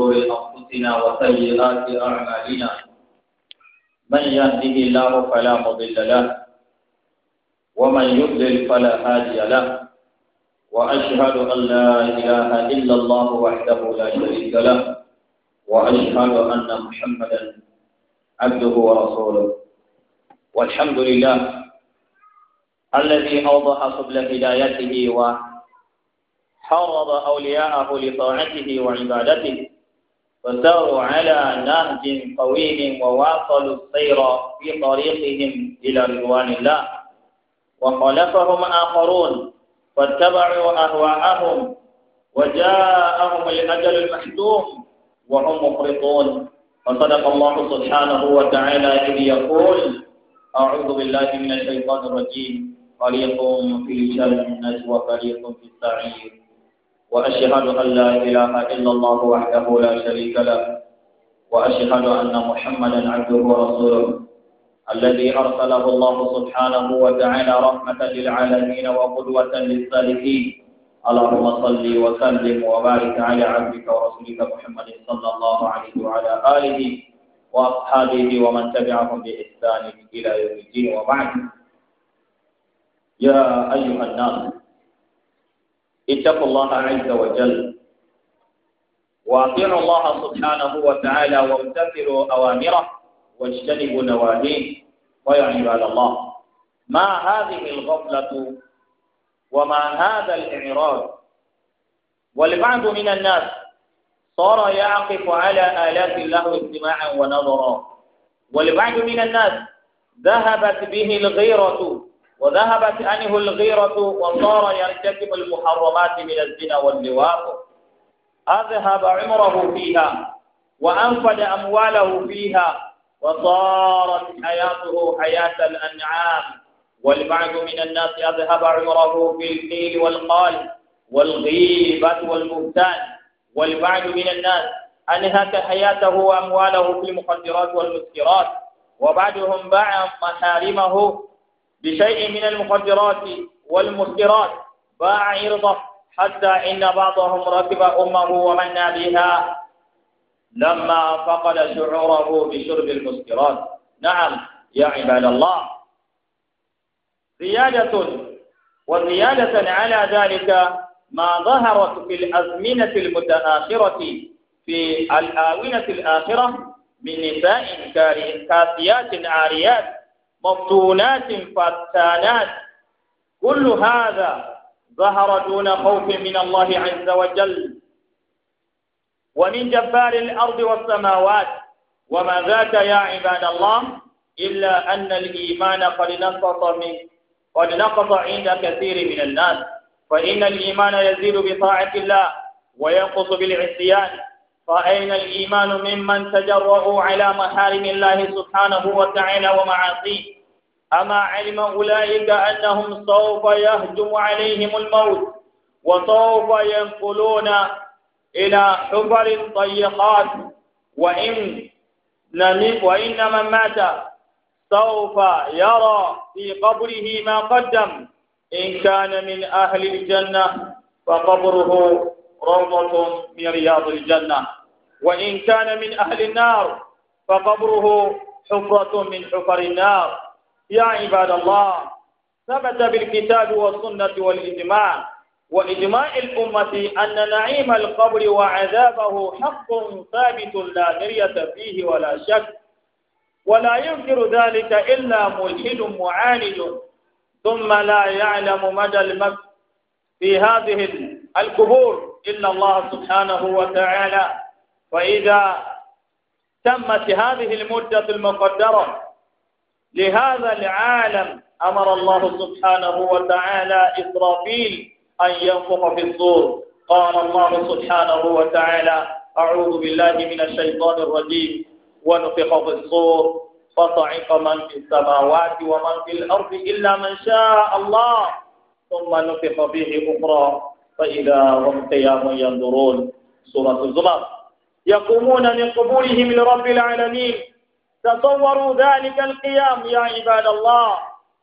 شرور أنفسنا وسيئات أعمالنا من يهده الله فلا مضل له ومن يضلل فلا هادي له وأشهد أن لا إله إلا الله وحده لا شريك له وأشهد أن محمدا عبده ورسوله والحمد لله الذي أوضح سبل هدايته وحرض أولياءه لطاعته وعبادته وساروا على نهج طويل وواصلوا السير في طريقهم إلى رضوان الله وخلفهم آخرون واتبعوا أهواءهم وجاءهم الأجل المحتوم وهم مفرطون وصدق الله سبحانه وتعالى إذ يقول أعوذ بالله من الشيطان الرجيم فريق في شر النجوى فريق في السعير وأشهد أن لا إله إلا الله وحده لا شريك له وأشهد أن محمدا عبده ورسوله الذي أرسله الله سبحانه وتعالى رحمة للعالمين وقدوة للسالكين اللهم صل وسلم وبارك على عبدك ورسولك محمد صلى الله عليه وعلى آله وأصحابه ومن تبعهم بإحسان إلى يوم الدين وبعد يا أيها الناس اتقوا الله عز وجل وأطيعوا الله سبحانه وتعالى وامتثلوا أوامره واجتنبوا نواهيه ويا عباد الله ما هذه الغفلة وما هذا الإعراض والبعض من الناس صار يعقف على آلات الله استماعا ونظرا والبعض من الناس ذهبت به الغيرة وذهبت عنه الغيرة وصار يرتكب المحرمات من الزنا واللواط أذهب عمره فيها وأنفد أمواله فيها وصارت حياته حياة الأنعام والبعض من الناس أذهب عمره في القيل والقال والغيبة والمهتان والبعض من الناس أنهك حياته وأمواله في المخدرات والمسكرات وبعضهم باع محارمه بشيء من المخدرات والمسكرات باع عرضه حتى إن بعضهم ركب أمه ومنى بها لما فقد شعوره بشرب المسكرات نعم يا عباد الله زيادة وزيادة على ذلك ما ظهرت في الأزمنة المتآخرة في الآونة الآخرة من نساء كاسيات عاريات مفتونات فتانات كل هذا ظهر دون خوف من الله عز وجل ومن جبار الأرض والسماوات وما ذاك يا عباد الله إلا أن الإيمان قد نقص من قد نقص عند كثير من الناس فإن الإيمان يزيد بطاعة الله وينقص بالعصيان رأينا الإيمان ممن تجرؤوا على محارم الله سبحانه وتعالى ومعاصيه أما علم أولئك أنهم سوف يهجم عليهم الموت وسوف ينقلون إلى حفر الضيقات وإن وإن من مات سوف يرى في قبره ما قدم إن كان من أهل الجنة فقبره روضة من رياض الجنة وإن كان من أهل النار فقبره حفرة من حفر النار يا عباد الله ثبت بالكتاب والسنة والإجماع وإجماع الأمة أن نعيم القبر وعذابه حق ثابت لا مرية فيه ولا شك ولا ينكر ذلك إلا ملحد معاند ثم لا يعلم مدى المكر في هذه القبور إلا الله سبحانه وتعالى فإذا تمت هذه المدة المقدرة لهذا العالم أمر الله سبحانه وتعالى إسرافيل أن ينفخ في الصور قال الله سبحانه وتعالى أعوذ بالله من الشيطان الرجيم ونفخ في الصور فصعق من في السماوات ومن في الأرض إلا من شاء الله ثم نفخ فيه أخرى فإذا هم قيام ينظرون سورة الزمر يقومون من قبورهم لرب العالمين تصوروا ذلك القيام يا عباد الله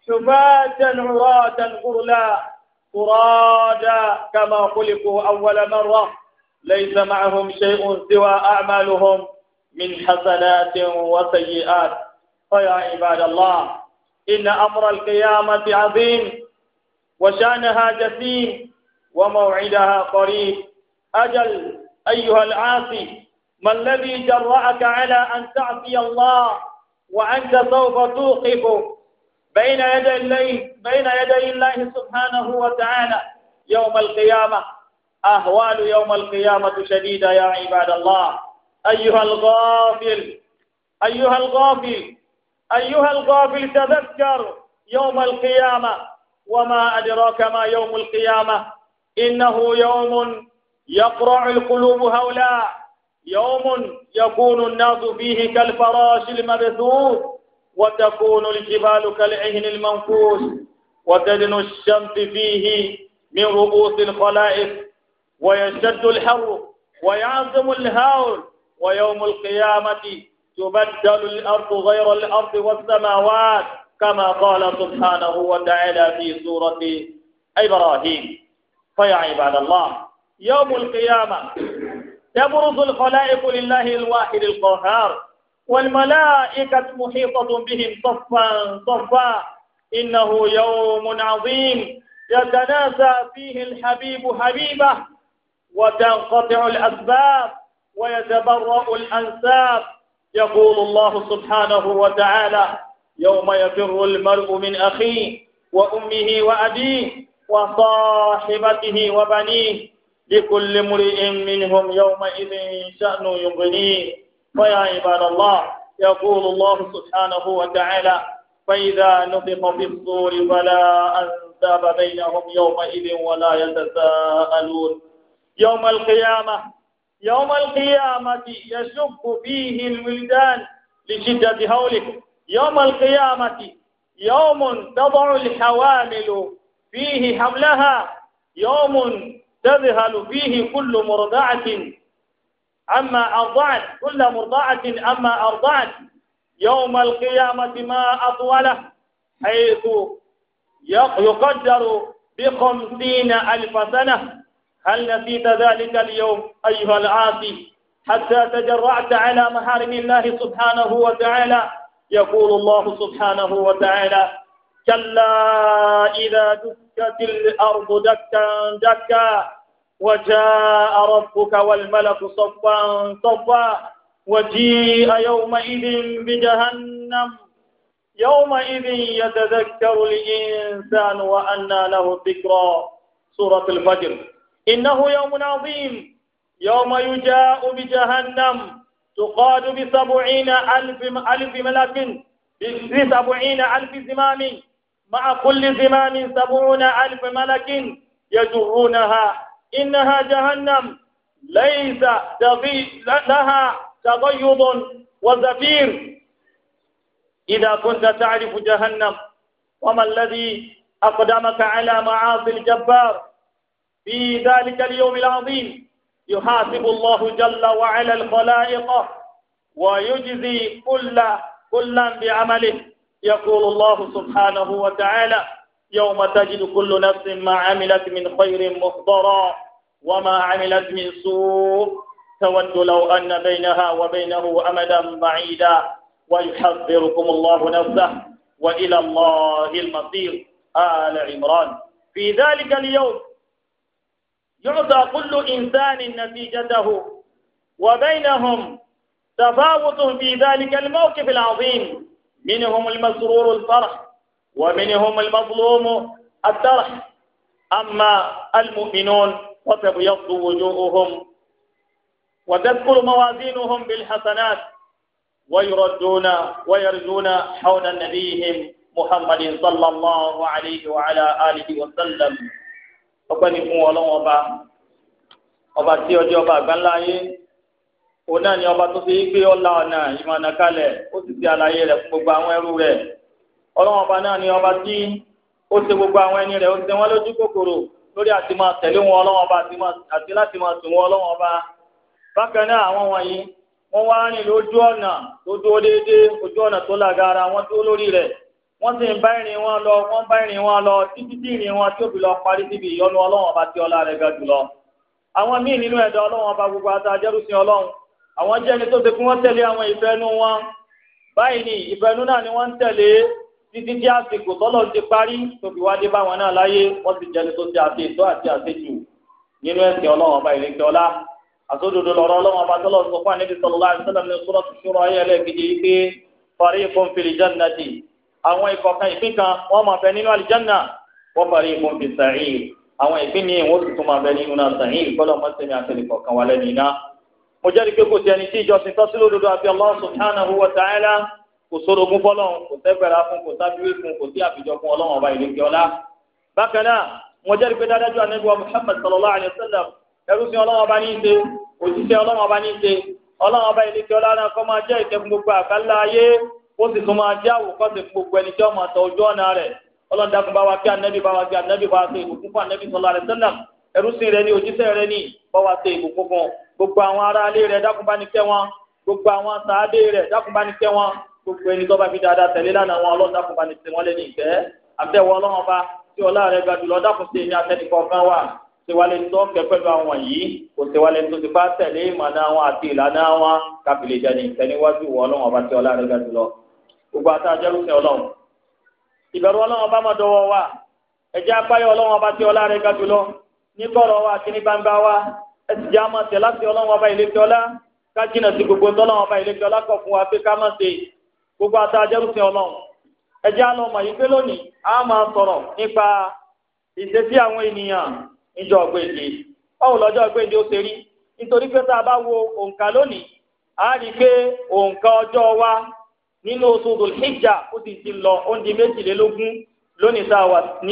حفاة عراة غرلا فرادا كما خلقوا أول مرة ليس معهم شيء سوى أعمالهم من حسنات وسيئات فيا عباد الله إن أمر القيامة عظيم وشأنها جسيم وموعدها قريب أجل أيها العاصي ما الذي جرأك على أن تعصي الله وأنت سوف توقف بين يدي الله بين يدي الله سبحانه وتعالى يوم القيامة أهوال يوم القيامة شديدة يا عباد الله أيها الغافل أيها الغافل أيها الغافل تذكر يوم القيامة وما أدراك ما يوم القيامة إنه يوم يقرع القلوب هؤلاء يوم يكون الناس فيه كالفراش المبثوث وتكون الجبال كالعهن المنفوش وتدن الشمس فيه من رؤوس الخلائف ويشتد الحر ويعظم الهول ويوم القيامة تبدل الأرض غير الأرض والسماوات كما قال سبحانه وتعالى في سورة إبراهيم فيا عباد الله يوم القيامة تبرز الخلائق لله الواحد القهار والملائكة محيطة بهم صفا صفا إنه يوم عظيم يتناسى فيه الحبيب حبيبه وتنقطع الأسباب ويتبرأ الأنساب يقول الله سبحانه وتعالى يوم يفر المرء من أخيه وأمه وأبيه وصاحبته وبنيه لكل امرئ منهم يومئذ شأن يغنيه فيا عباد الله يقول الله سبحانه وتعالى فإذا نفخ في الصور فلا أنساب بينهم يومئذ ولا يتساءلون يوم القيامة يوم القيامة يشك فيه الولدان لشدة هوله يوم القيامة يوم تضع الحوامل فيه حملها يوم تذهل فيه كل مرضعة أما أرضعت كل مرضعة أما أرضعت يوم القيامة ما أطوله حيث يقدر بخمسين ألف سنة هل نسيت ذلك اليوم أيها العاصي حتى تجرعت على محارم الله سبحانه وتعالى يقول الله سبحانه وتعالى كلا إذا دكت الأرض دكا دكا وجاء ربك والملك صفا صفا وجيء يومئذ بجهنم يومئذ يتذكر الإنسان وأنى له الذكرى سورة الفجر إنه يوم عظيم يوم يجاء بجهنم تقاد بسبعين ألف ألف ملك بسبعين ألف زمام مع كل زمام سبعون ألف ملك يجرونها إنها جهنم ليس لها تبيض وزفير إذا كنت تعرف جهنم وما الذي أقدمك على معاصي الجبار في ذلك اليوم العظيم يحاسب الله جل وعلا الخلائق ويجزي كل كلا بعمله يقول الله سبحانه وتعالى يوم تجد كل نفس ما عملت من خير مخضرا وما عملت من سوء تود لو أن بينها وبينه أمدا بعيدا ويحذركم الله نفسه وإلى الله المصير آل عمران في ذلك اليوم يعطى كل إنسان نتيجته وبينهم تفاوت في ذلك الموقف العظيم منهم المسرور الفرح ومنهم المظلوم الترح أما المؤمنون وتبيض وجوههم وتذكر موازينهم بالحسنات ويردون ويرجون حول نبيهم محمد صلى الله عليه وعلى آله وسلم وكان يكون أبا أبا سيوجي أبا قال òun náà ni ọba tó fi gbé ọ̀la ọ̀nà ìmọ̀nà kalẹ̀ ó sì ti àlàyé rẹ̀ fún gbogbo àwọn ẹrú rẹ̀ ọlọ́wọ́n ọba náà ni ọba tí ó ṣe gbogbo àwọn ẹni rẹ̀ ó ṣe wọ́n lójú kòkòrò lórí àti máa tẹ̀lé wọn ọlọ́wọ́n ọba àti láti máa sùn wọn ọba bákan náà àwọn wọ̀nyí wọ́n wá rìn lójú ọ̀nà tó dúró déédéé ojú ọ̀nà tó lágara wọ́n dúró lórí rẹ̀ wọ́n sì ń wọn lọ wọ́n bá ìrìn wọn lọ títí tí ìrìn wọn tí ó fi lọ parí síbi ìyọnu ọlọ́wọ́n ọba tí ọlá àwọn jẹ́ ẹni tó ṣe kí wọ́n tẹ̀lé àwọn ìfẹ́nu wọn báyìí ni ìfẹ́nu náà ni wọ́n ń tẹ̀lé títí tí àsìkò tọ́lọ̀ ti parí tó fi wájú bá wọn náà láyé wọ́n sì jẹ́ ẹni tó ṣe àti ètò àti àṣejù nínú ẹ̀sìn ọlọ́run ọba ìrìnkè ọlá àtòdodo lọ́rọ̀ ọlọ́run ọba tọ́lọ̀ sọ fún àníbi sallallahu alaihi wasallam ní suratu shura ayé ẹlẹ́ẹ̀kejì yìí pé fariqun fil jannati àwọn ìkọ̀kan ìpín kan wọ́n máa fẹ́ nínú àlìjánná wọ́n fariqun fis sa'ir àwọn ìpín ní ìwọ́n tuntun máa fẹ́ nínú náà sàyìn ìkọlọ́ àtẹnìkọ̀kan wà lẹ́nu iná mo jẹ́rìí pé kò sí ẹni tí ìjọsìn tọ́ sí lódodo àfi Allah subhanahu wa ta'ala kò sóró ogún fọlọ́run kò tẹ́gbẹ̀rẹ́ fún kò sábíwé fún kò sí àfijọ́ fún ọlọ́run ọba ìlẹ́kẹ́ ọlá. bákan náà mo jẹ́rìí pé dáadájú anábíwá Muhammad sallallahu alayhi wa sallam ẹrú sí ọlọ́run ọba ní í ṣe òṣìṣẹ́ ọlọ́run ọba ní í ṣe ọlọ́run ọba ìlẹ́kẹ́ ọlá náà kọ́ máa jẹ́ ìkẹ́ fún gbogbo àkálá ayé ó sì tún máa jẹ́ àwòkọ́ṣe fún gbogbo ẹni tí ọmọ àtọ ojú ọ̀nà rẹ̀ ọlọ́run dákun bá wa kí gbogbo àwọn ará ilé rẹ̀ dákun bá ní kẹ́ wọn gbogbo àwọn sàádé rẹ̀ dákun bá ní kẹ́ wọn gbogbo ẹni tó bá fi dáadáa tẹ̀lé lánàá wọn ọlọ́run dákun bá ní tẹ̀ wọ́n lé ní ìfẹ́ àtẹ̀wọ́ ọlọ́run ọba tí ọlá rẹ̀ gba jùlọ dákun sí èmi àtẹnìkọ̀ọ̀kan wà tiwale tó ń kẹ pẹ̀lú àwọn yìí kò tiwale tó ti bá tẹ̀lé ìmọ̀nà wọn àti ìlànà wọn kábìlì jẹ ní wọ ọlọ́run ọba tí ọlá rẹ̀ ga jùlọ. gbogbo àti àjẹrùsìn ọlọ́run ìbẹ̀rù ọlọ́run ọba wa ẹ̀jẹ̀ apáyọ̀ ọlọ́run ọba tí ọlá rẹ̀ wa àti ní wa ẹsì já máa tẹ̀ láti ọlọ́run ọba ìlẹ́kẹ́ ọlá ká gbogbo tọ́lọ́run ọba ìlẹ́kẹ́ ọlá wa pé gbogbo ata ajẹ́rùsìn ọlọ́run ẹjẹ́ àná ọmọ yìí pé lónìí a máa sọ̀rọ̀ nípa ìṣesí àwọn ènìyàn ó nítorí pé tá a bá wo lónìí a rí i pé wa nínú oṣù ó ti ti lọ ó ń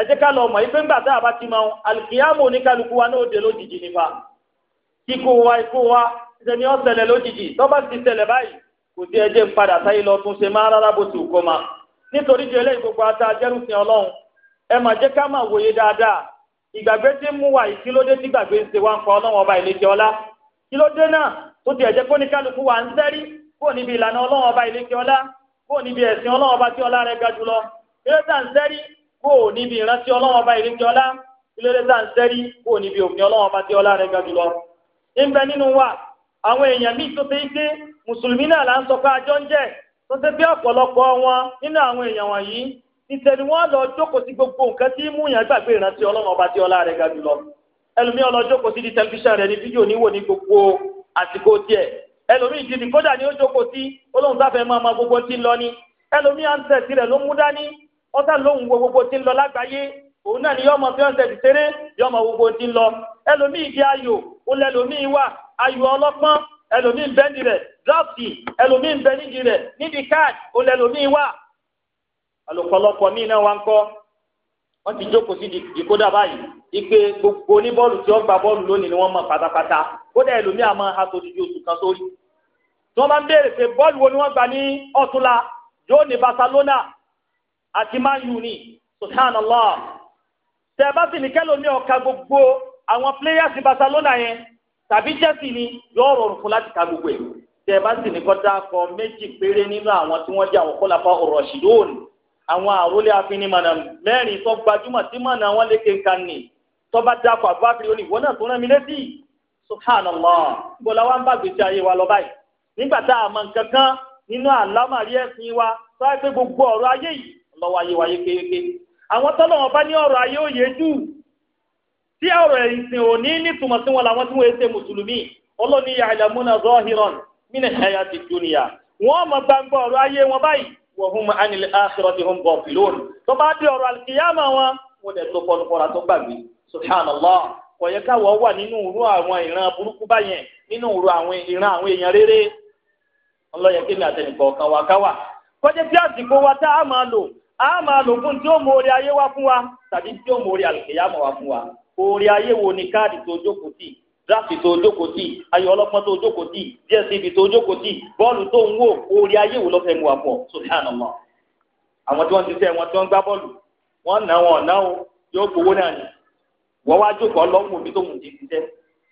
ẹ jẹ́ ká lọ mọ̀ yìí pé ńgbà tá a bá ti mọ ohun alikiyamu oníkálukú wa náà dé lójijì nípa kíkó wa ikú wa ìṣẹ̀ni ó ṣẹlẹ̀ lójijì tó bá ti ṣẹlẹ̀ báyìí kò sí ẹjẹ́ ń padà sáyé lọ tún ṣe máa rárá bó ti kọ́ ma nítorí ju eléyìí gbogbo ata jẹ́rùsìn ọlọ́run ẹ mà jẹ́ ká máa wòye dáadáa ìgbàgbé tí ń mú wa yìí kí ló dé tí gbàgbé ń ṣe wá ń pa ọlọ́run ọba ìlejò ọlá kí náà tó ti ẹ̀jẹ̀ kóníkálukú wa ń sẹ́rí kúrò níbi ìlànà ọlọ́run ọba ìlejò ọlá kúrò níbi ẹ̀sìn ọlọ́run ọba tí ọlá rẹ̀ ga jùlọ kí ló ń sẹ́rí kó o níbi ìrántí ọlọ́wọ́n bá ìrìnkì ọlá kílódé tá à ń sẹ́rí kó o níbi òfin ọlọ́wọ́n bá ti ọlá rẹ̀ ga jùlọ. ìbẹ wa àwọn èèyàn míì tó mùsùlùmí náà là ń sọ pé ń jẹ tó ṣe pé ọ̀pọ̀lọpọ̀ wọn nínú àwọn èèyàn wọ̀nyí wọn lọ jókòó gbogbo nǹkan tí mú yàn gbàgbé ìrántí ọlọ́wọ́n bá ti ọlá di lọ ni ló ọ̀sà lóhùn wo gbogbo tí ń lọ lágbàáyé òun náà ni yọmọ yọmọ gbogbo ti ń lọ ẹlòmíì di ayò ó lẹlòmíì wà ayò ọlọ́pọ́n ẹlòmíì bẹ́ ní rẹ̀ dọ́ọ̀tì ẹlòmíì rẹ̀ ó lẹlòmíì wà. wọ́n ti jókòó sí ìkódà báyìí ipe gbogbo oníbọ́ọ̀lù tí wọ́n gba bọ́ọ̀lù lónìí ni wọ́n mọ pátápátá kódà ẹlòmíì àmọ́ aṣojú oṣù kan sórí. tí wọ́n àti Man U ni subhanallah tẹ ẹ bá sì ní kẹlò ní ọ̀ka gbogbo àwọn players Barcelona yẹn tàbí Chelsea ni yóò rọrùn fún láti ka gbogbo ẹ̀ tẹ ẹ bá sì ní kọ́tà kọ méjì péré nínú àwọn tí wọ́n jẹ́ àwọn kọ́láfà ọ̀rọ̀ ṣìdóòn àwọn àrólé afinimọ̀nà mẹ́rin tó gbajúmọ̀ tí mọ̀nà wọn lékè kan ni tọ́ba dákọ̀ àbúrákiri oní ìwọ náà tó rán mi létí subhanallah bọ́lá wa ń bá gbèsè ayé wa lọ báyìí nígbà tá a mọ̀ nǹkan kan nínú àlámàrí ẹ̀sìn wa tó wáyé pé gbogbo ọ̀rọ̀ ayé yìí lọ́wọ́ ayé wáyé kéékèé àwọn tọ́lọ̀ ọba bá ní ọ̀rọ̀ ayé òye jù tí ọ̀rọ̀ ìsìn ò ní sí wọn làwọn tí wọ́n ṣe mùsùlùmí ọlọ́ni ya'lamuna zahiran min hayati dunya wọn báyìí wa hum anil akhirati hum ghafilun tó bá dé ọ̀rọ̀ àlùkìyàmà wọn wọn lè tó tó gbàgbé subhanallah káwọ́ wà nínú òru àwọn ìran burúkú báyẹn nínú òru àwọn ìran àwọn èèyàn rere ọlọ́yẹ wà káwà kọjá bí àsìkò a máa lò fún tí ó mú orí ayé wá fún wa tàbí tí ó mú orí àlùkìyàmọ̀ wá fún wa orí ayé wo ni káàdì tó jókòó tì draft tó jókòó tì ayọ̀ ọlọ́pọ́n tó jókòó tì dstv tó jókòó tì bọ́ọ̀lù tó ń wò orí ayé wo ló mú wa fún ọ sórí àná mọ́ àwọn tí wọn ti wọn tí wọ́n gbá wọn yóò gbowó náà ti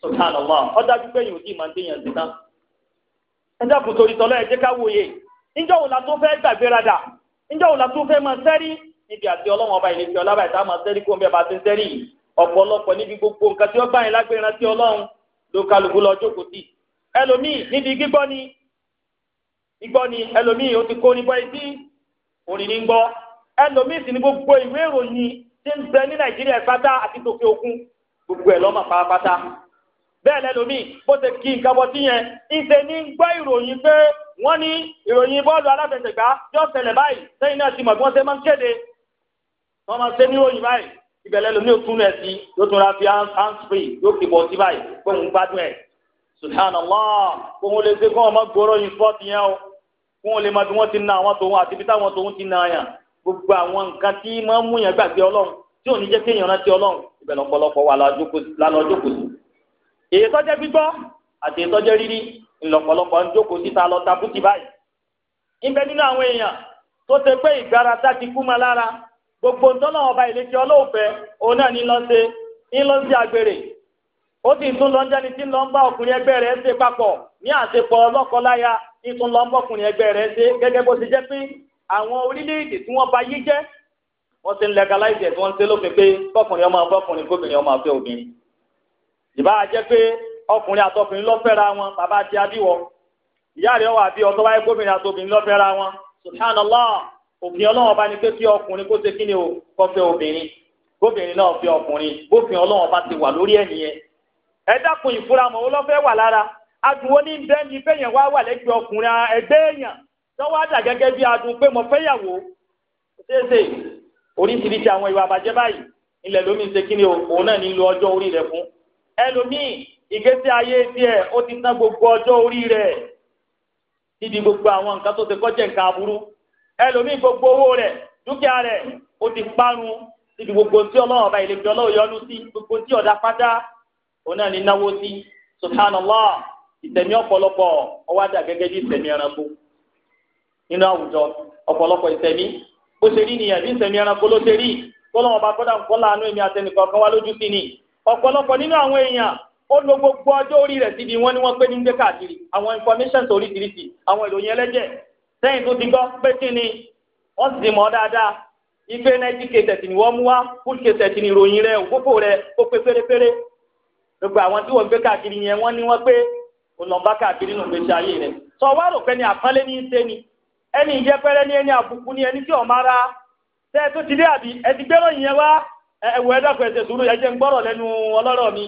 àná ọ dájú pé yòókì máa ń sí níjọ́ la làtún fẹ́ máa sẹ́rí níbi àti ọlọ́run ọba ìlẹ̀kẹ́ ọlá báyìí tá a máa sẹ́rí kó ń bẹ́ẹ̀ bá ti ń sẹ́rí yìí ọ̀pọ̀lọpọ̀ níbi gbogbo nǹkan tí ó bá yẹn lágbèrè tí ọlọ́run ló kálukú lọ jókòó tì ẹlòmíì níbi gbígbọ́ ni gbígbọ́ ni ẹlòmíì ó ti kó ní etí orin ní gbọ́ ẹlòmíì sì ní gbogbo ìwé ìròyìn tí ń bẹ ní Nàìjíríà pátá àti tòkè òkun gbogbo ẹ̀ lọ́mọ pátápátá bẹ́ẹ̀ lẹ́lòmíì bó ṣe kí nǹkan bọ́ sí yẹn ìṣe ní gbọ́ ìròyìn pé wọ́n ní ìròyìn bọ́ọ̀lù aláfẹsẹ̀gbá yóò ṣẹlẹ̀ báyìí sẹ́yìn náà ti mọ̀ bí wọ́n ṣe máa ń kéde wọ́n máa ṣe ní ìròyìn báyìí ìbẹ̀lẹ̀ lomi ò tún rẹ̀ sí yóò tún ra fi hands free yóò kì bọ̀ sí báyìí pé òun gbádùn ẹ̀ subhanallah kó wọn lè ṣe kó wọn má gbọ́rọ̀ yín sport èyí tọ́jẹ́ gbígbọ́ àti èyí tọ́jẹ́ rírí ńlọ́pọ̀lọpọ̀ ń jókòó síta lọ tabútì báyìí ńbẹ nínú àwọn èèyàn tó ṣe pé ìgbára ti kú ma lára gbogbo ọba ìlẹ́kẹ́ ọlọ́ọ̀fẹ́ òun náà ní lọ ṣe ní lọ sí agbèrè ó sì tún lọ ń jẹ́ni tí ń lọ ń bá ọkùnrin ẹgbẹ́ rẹ̀ ṣe papọ̀ ní àṣepọ̀ ọlọ́kọláya ní tún lọ ń ẹgbẹ́ rẹ̀ ṣe gẹ́gẹ́ bó ṣe ìbá jẹ́ pé ọkùnrin àtọkùnrin lọ́fẹ́ra wọn bàbá ti abíwọ ìyá rẹ̀ wà bí ọtọ́ wáyé gómìnà àtọkùnrin lọ́fẹ́ra wọn subhanallah òfin ọlọ́run ọba ni pé kí ọkùnrin kó ṣe kí ni o kọfẹ́ obìnrin gómìnà náà fi ọkùnrin bófin ọlọ́run ọba ti wà lórí ẹ̀nìyẹn ẹ dákun ìfúramọ̀ ó lọ́fẹ́ wà lára adùnwó ní bẹ́ẹ̀ ni bẹ́ẹ̀ yẹn wá wà lẹ́gbẹ̀ẹ́ ọkùnrin ẹgbẹ́ èèyàn tọ́wọ́ àdà gẹ́gẹ́ bí adùn pé mo fẹ́ yàwó ṣeéṣe oríṣiríṣi àwọn ìwà àbàjẹ́ báyìí ilẹ̀ lómi ṣe kí ni òun náà nílò ọjọ́ orí rẹ̀ fún ẹlòmíì ìgbésí ayé tiẹ̀ ó ti tán gbogbo ọjọ orí rẹ níbi gbogbo àwọn nǹkan tó ti kọjá nǹkan aburú gbogbo owó rẹ dúkìá rẹ ó ti parun níbi gbogbo tí ọlọ́run ọba ìlẹ̀kùn ọlọ́run yọnu sí gbogbo tí ọ̀dà pátá òun náà ní náwó sí subhanallah ìtẹ̀mí ọpọlọpọ ọwọ́ àdá gẹ́gẹ́ bí ìtẹ̀mí ẹranko nínú àwùjọ bó ṣe rí nìyẹn bí ẹranko ló ṣe rí nǹkan èmi ọ̀pọ̀lọpọ̀ nínú àwọn èèyàn ó lo gbogbo ọjọ́ orí rẹ̀ síbi wọ́n ni wọ́n pé ní gbé káàkiri àwọn information oríṣiríṣi àwọn ìròyìn ẹlẹ́jẹ̀ sẹ́yìn tó ti gbọ́ pé kí ni wọ́n sì mọ̀ dáadáa ife ninety cases ni wọ́n mú wá full cases ni ìròyìn rẹ̀ òfófó rẹ̀ ó pé pérépéré gbogbo àwọn tí wọ́n gbé káàkiri yẹn wọ́n wọ́n pé káàkiri nù gbèsè ayé rẹ̀ ni àpọ́nlé ní í ṣe ni ẹni ẹni àbùkù ẹwọ ẹ dákun ẹsẹ sùúrù ẹjẹ ń lenu lẹ́nu ọlọ́rọ̀ mi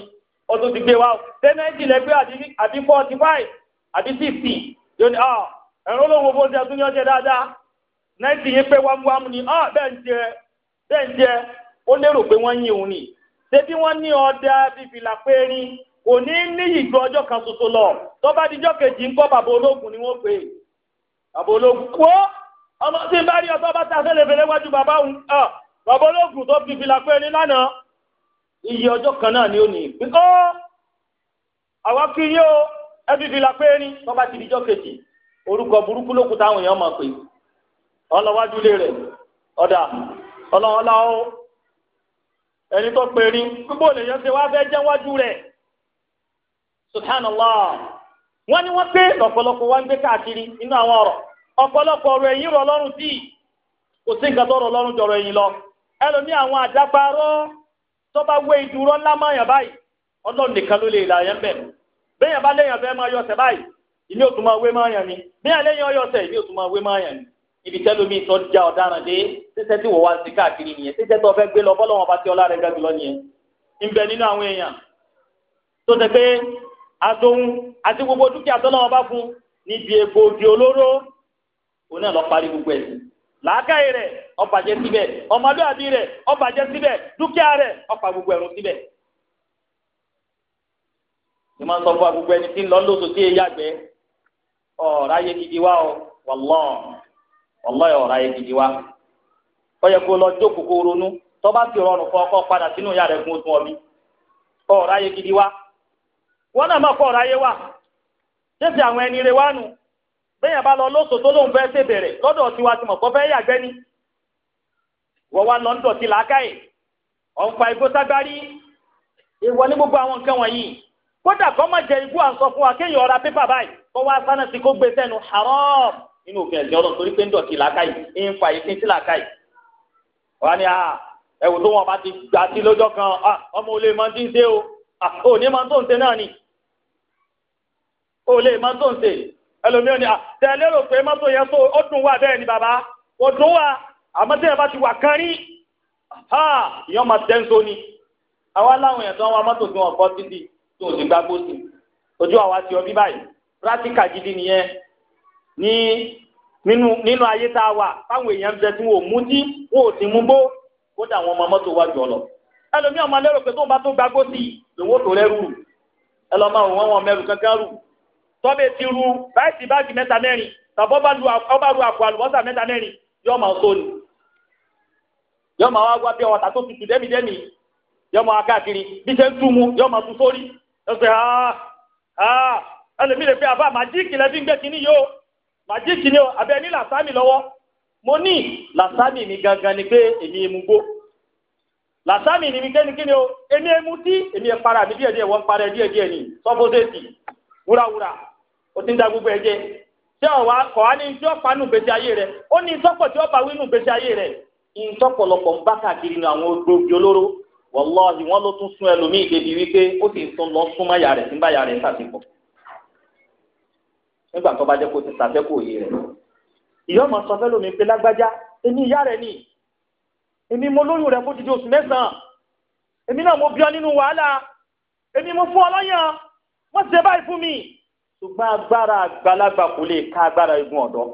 ó ti gbé wa tẹnẹtì lẹgbẹ àbí forty five àbí sixty yóò ní ọ ah, ẹ̀rọ olóhùn owó ṣe àtúnyọ jẹ dáadáa pé ni ọ ah, bẹ́ẹ̀ ń jẹ bẹ́ẹ̀ ń jẹ ó lérò pé wọ́n yìn òun ni ṣebí wọ́n ní ọdẹ fífìlà kò ní kan lọ kejì ń kọ́ bàbá ológun ni wọ́n pè é ọmọ tí ń bá rí bàbá ológun tó fi fìlà pé ní lánàá iye ọjọ́ kan náà ni ó ní pínkọ́ àwa kí o ẹ fi fìlà pé ní tọ́ba ti dijọ́ kejì orúkọ burúkú ló kù táwọn èèyàn máa pè ọlọ́wájú lé rẹ̀ ọ̀dà ọlọ́ọ̀lá o ẹni tó pè ní gbogbo èèyàn ṣe wá fẹ́ jẹ́ wájú rẹ̀ subhanallah wọ́n ní wọ́n pé lọ́pọ̀lọpọ̀ wá ń gbé káàkiri nínú àwọn ọ̀rọ̀ ọ̀pọ̀lọpọ̀ ọ̀rọ̀ ẹ̀yìn rọ̀ lọ́rùn ẹlòmí àwọn àdáparọ́ tó bá wé ìdúró ńlá mọ́yàn báyìí ọlọ́run nìkan ló lè là yẹn bẹ̀ bẹ́yàn bá léyàn fẹ́ máa yọ̀sẹ̀ báyìí ìmí ò tún máa wé mọ́yàn ni bẹ́yàn léyàn ọyọ̀sẹ̀ ìmí ò tún máa wé mọ́yàn ni ibi tẹ́lómi tó já ọ̀daràn dé ṣíṣẹ́ tí wọ́n wá sí káàkiri nìyẹn ṣíṣẹ́ tó fẹ́ gbé lọ bọ́lọ́wọ́n bá ti ọlá rẹ̀ gẹ́gẹ́ lọ nìyẹn ń bẹ nínú àwọn èèyàn tó ṣe pé àtòun àti gbogbo dúkìá tọ́lọ́wọ́n bá fún níbi egbòogi olóró òun náà lọ parí gbogbo ẹ̀sìn làákàyè ire ó bàjẹ́ síbẹ̀ ọmọlúwàbí rẹ ó bàjẹ́ síbẹ̀ dúkìá rẹ ó gbogbo ẹ̀rù síbẹ̀. ní ma sọ fún ẹni tí ń lọ lóṣù tí èyí àgbẹ̀ ọ̀rọ̀ ayé gidi wá o wallahi wallahi ọ̀rọ̀ ayé gidi wá. ó kó lọ ronú tọba ti rọrùn fún ọkọ padà sínú ìyá rẹ̀ oṣù ọ̀mí ọ̀rọ̀ ayé gidi wá. wọ́n náà má ayé wa. ṣé ti àwọn bẹ́yẹn bá lọ lóṣòó tó lóun fẹ́ ṣe bẹ̀rẹ̀ lọ́dọ̀ tiwa ti ya kọ́ fẹ́ yàgbẹ́ ni wọ́n wá lọ ń dọ̀tí làákàyè ọ̀npa igbó ìwọ ní gbogbo àwọn nǹkan wọ̀nyí kódà kọ́ má jẹ igbó à ń sọ fún wa kéèyàn ọ̀ra pépà báyìí kó wá haram òfin ẹ̀sìn ọlọ́run torí pé ń dọ̀tí làákàyè ń ti gbà sí lọ́jọ́ kan ah, ọmọ ẹlòmíràn ni tẹ lérò pé mọ́tò yẹn tó ó dùn wà bẹ́ẹ̀ ni bàbá kò dùn wà àmọ́ tẹ́yẹ̀ bá ti wà kan rí ìyọ́n máa tẹ́ ń so ni àwa láwọn èèyàn tó ń wa mọ́tò tí wọ́n kọ́ títì tí wọ́n sì gbá gbósì ojú àwa ti ọ bí báyìí pírátíkà gidi nìyẹn ní nínú nínú ayé tá a wà táwọn èèyàn ń bẹ wọn ò mutí wọn ò sì mú gbó kódà àwọn ọmọ mọ́tò wá jọ lọ ẹlòmíràn máa lérò pé tóun bá tó gbá gbósì lòun tó lẹ́rù ẹ tọ́bẹ̀ ti ru ráìsì báàgì mẹ́ta mẹ́rin tàbí ọba ru àpò àlùbọ́sà mẹ́ta mẹ́rin yóò máa sọ ni yóò máa wá wá bí ọ̀tà tó tutù dẹ́mìdẹ́mì yóò máa káàkiri bí ṣe ń tú mu yóò máa tú sórí ẹsẹ̀ ha ah, ha ẹlẹ́mi lè pe àbá màjíìkì lẹ́bí ń gbé kínní yóò màjíìkì ni o àbẹ ní làsámì lọ́wọ́ mo ní làsámì mi gangan ni pé èmi emu gbó làsámì ni mi kéni kíni o èmi emu tí èmi ẹ̀ para mi díẹ̀ díẹ̀ wọ́n para díẹ̀ díẹ̀ ni sọ́fọ́sẹ́sì wúràwúrà ó ti ń da gbogbo ẹ jẹ tí ọwọ akọ á ní tí ó pa nù gbèsè ayé rẹ ó ní ìtọpọ tí ó bá wí nù gbèsè ayé rẹ ìtọpọlọpọ ń bá káàkiri ní àwọn gbòógì olóró wọlọ́ọ̀hì wọn ló tún sún ẹlòmíì débi wípé ó sì ń tún lọ súnmọ́ ìyá rẹ̀ síbá ìyá rẹ̀ sàtìpọ̀ nígbà tó bá jẹ́ kó ti sàfẹ́kù òye rẹ̀ ìyá ọmọ sọ lómi pé lágbájá èmi ìyá rẹ̀ ni èmi mo lóyún rẹ̀ fódìdí oṣù mẹ́sàn-án èmi náà mo bí ọ nínú wàhálà èmi mo fún ọ lọ́yàn wọ́n ṣe báyìí fún mi ṣùgbọ́n agbára àgbàlagbà kò lè ká agbára igun ọ̀dọ́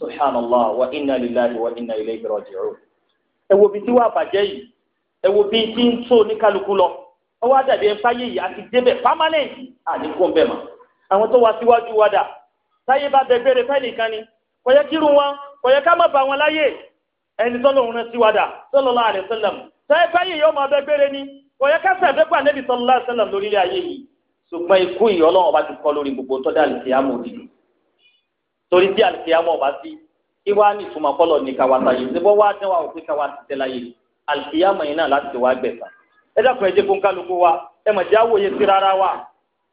subhanallah wa inna lillahi wa inna ilayhi raji'un ẹ wo bí tí wàá bàjẹ́ yìí ẹ wo bí tí ń tó oníkálukú lọ ọwọ́ àdàbí ẹ̀ ń fáyé yìí àti débẹ̀ permanent àníkó ń bẹ̀ mọ́ àwọn tó wá síwájú wa dà táyé bá bẹ gbére fẹ́ nìkan ni kò yẹ kírú wọn kò yẹ ká má bà wọn láyè ẹni tọ́lọ̀ òun ti wá dà sallallahu alaihi táyé fáyé yìí ọmọ bẹ gbére ni kò yẹ ká sàbẹ́pà Nabi sallallahu alaihi wasallam lórílẹ̀ ayé yìí ṣùgbọ́n ikú yìí ọlọ́run ọba ti kọ́ lórí gbogbo tọ́jú àlìkìyàmọ̀ òdìdí torí tí àlìkìyàmọ̀ ọba sí ìwà ní ìtumọ̀ kọ́lọ̀ ní kawata yìí níbọ̀ wá dẹ́wà òpin kawata tẹ́lá yìí àlìkìyàmọ̀ yìí náà láti wá gbẹ̀sà ẹ dákun ẹ jẹ́ kó kálukú wa ẹ mọ̀ jẹ́ àwòye síra ara wa